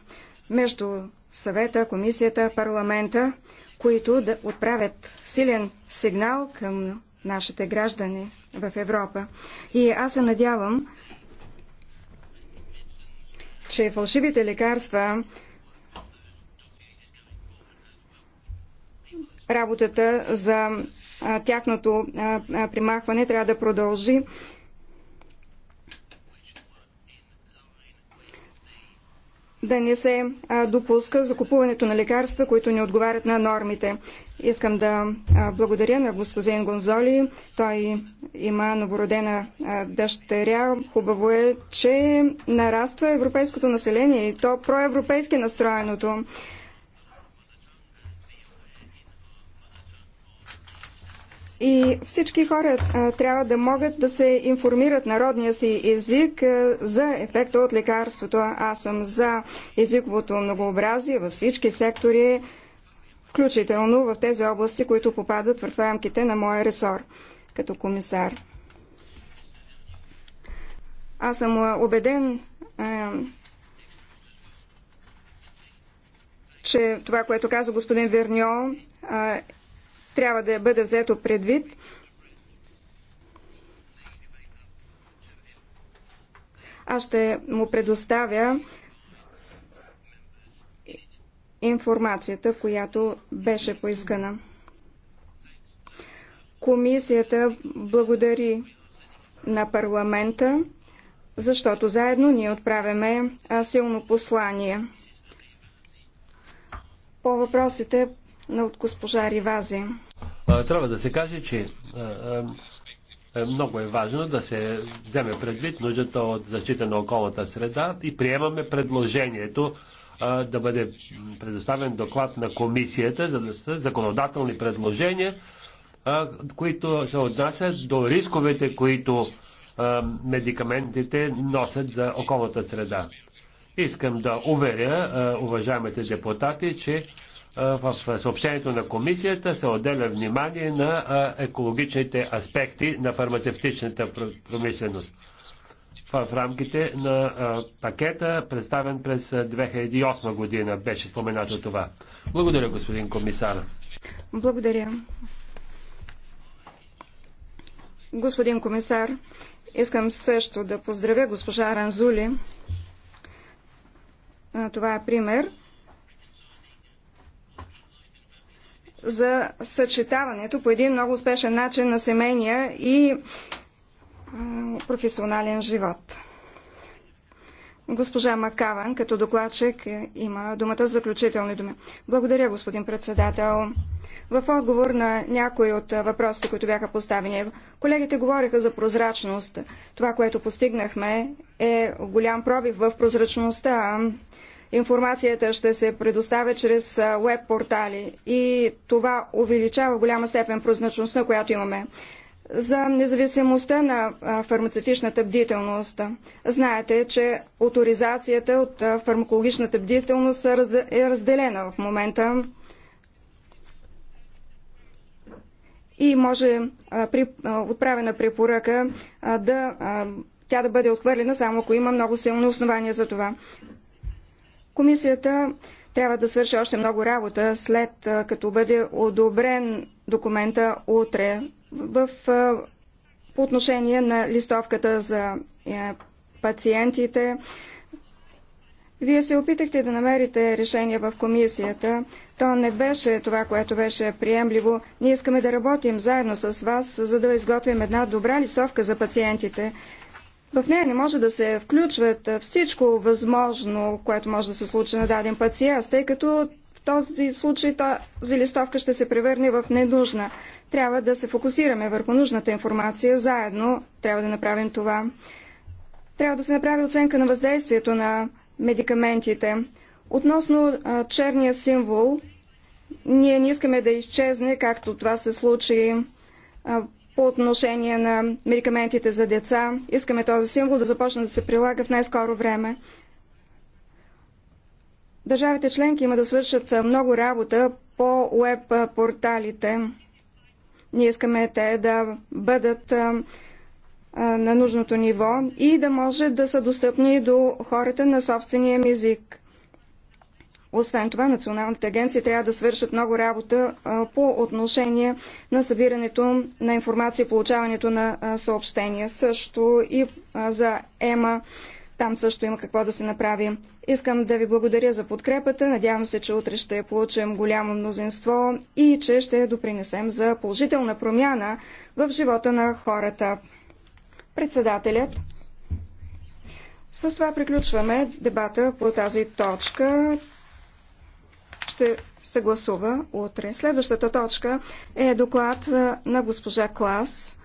между съвета, комисията, парламента, които да отправят силен сигнал към нашите граждани в Европа. И аз се надявам, че фалшивите лекарства, работата за тяхното примахване трябва да продължи. да не се допуска закупуването на лекарства, които не отговарят на нормите. Искам да благодаря на господин Гонзоли. Той има новородена дъщеря. Хубаво е, че нараства европейското население и то проевропейски настроеното. И всички хора а, трябва да могат да се информират народния си език а, за ефекта от лекарството. Аз съм за езиковото многообразие във всички сектори включително в тези области, които попадат в рамките на моя ресор като комисар. Аз съм убеден, е, че това, което каза господин Верньо, е, трябва да бъде взето предвид. Аз ще му предоставя информацията, която беше поискана. Комисията благодари на парламента, защото заедно ние отправяме силно послание. По въпросите на от госпожа Ривази. Трябва да се каже, че много е важно да се вземе предвид нуждата от защита на околната среда и приемаме предложението да бъде предоставен доклад на комисията за да са законодателни предложения, които се отнасят до рисковете, които медикаментите носят за околната среда. Искам да уверя уважаемите депутати, че в съобщението на комисията се отделя внимание на екологичните аспекти на фармацевтичната промишленост в рамките на пакета, представен през 2008 година. Беше споменато това. Благодаря, господин комисар. Благодаря. Господин комисар, искам също да поздравя госпожа Ранзули. Това е пример за съчетаването по един много успешен начин на семейния и професионален живот. Госпожа Макаван, като докладчик, е, има думата за заключителни думи. Благодаря, господин председател. В отговор на някои от въпросите, които бяха поставени, колегите говориха за прозрачност. Това, което постигнахме, е голям пробив в прозрачността. Информацията ще се предоставя чрез веб-портали и това увеличава голяма степен прозрачността, която имаме за независимостта на фармацевтичната бдителност. Знаете, че авторизацията от фармакологичната бдителност е, е разделена в момента и може при отправена препоръка да, тя да бъде отхвърлена, само ако има много силно основание за това. Комисията трябва да свърши още много работа, след като бъде одобрен документа утре в, по отношение на листовката за е, пациентите. Вие се опитахте да намерите решение в комисията. То не беше това, което беше приемливо. Ние искаме да работим заедно с вас, за да изготвим една добра листовка за пациентите. В нея не може да се включват всичко възможно, което може да се случи на даден пациент, тъй като този случай тази листовка ще се превърне в ненужна. Трябва да се фокусираме върху нужната информация. Заедно трябва да направим това. Трябва да се направи оценка на въздействието на медикаментите. Относно а, черния символ, ние не искаме да изчезне, както това се случи а, по отношение на медикаментите за деца. Искаме този символ да започне да се прилага в най-скоро време. Държавите членки има да свършат много работа по веб порталите. Ние искаме те да бъдат на нужното ниво и да може да са достъпни до хората на собствения им език. Освен това, националните агенции трябва да свършат много работа по отношение на събирането на информация и получаването на съобщения. Също и за ЕМА, там също има какво да се направи. Искам да ви благодаря за подкрепата. Надявам се, че утре ще получим голямо мнозинство и че ще допринесем за положителна промяна в живота на хората. Председателят. С това приключваме дебата по тази точка. Ще се гласува утре. Следващата точка е доклад на госпожа Клас.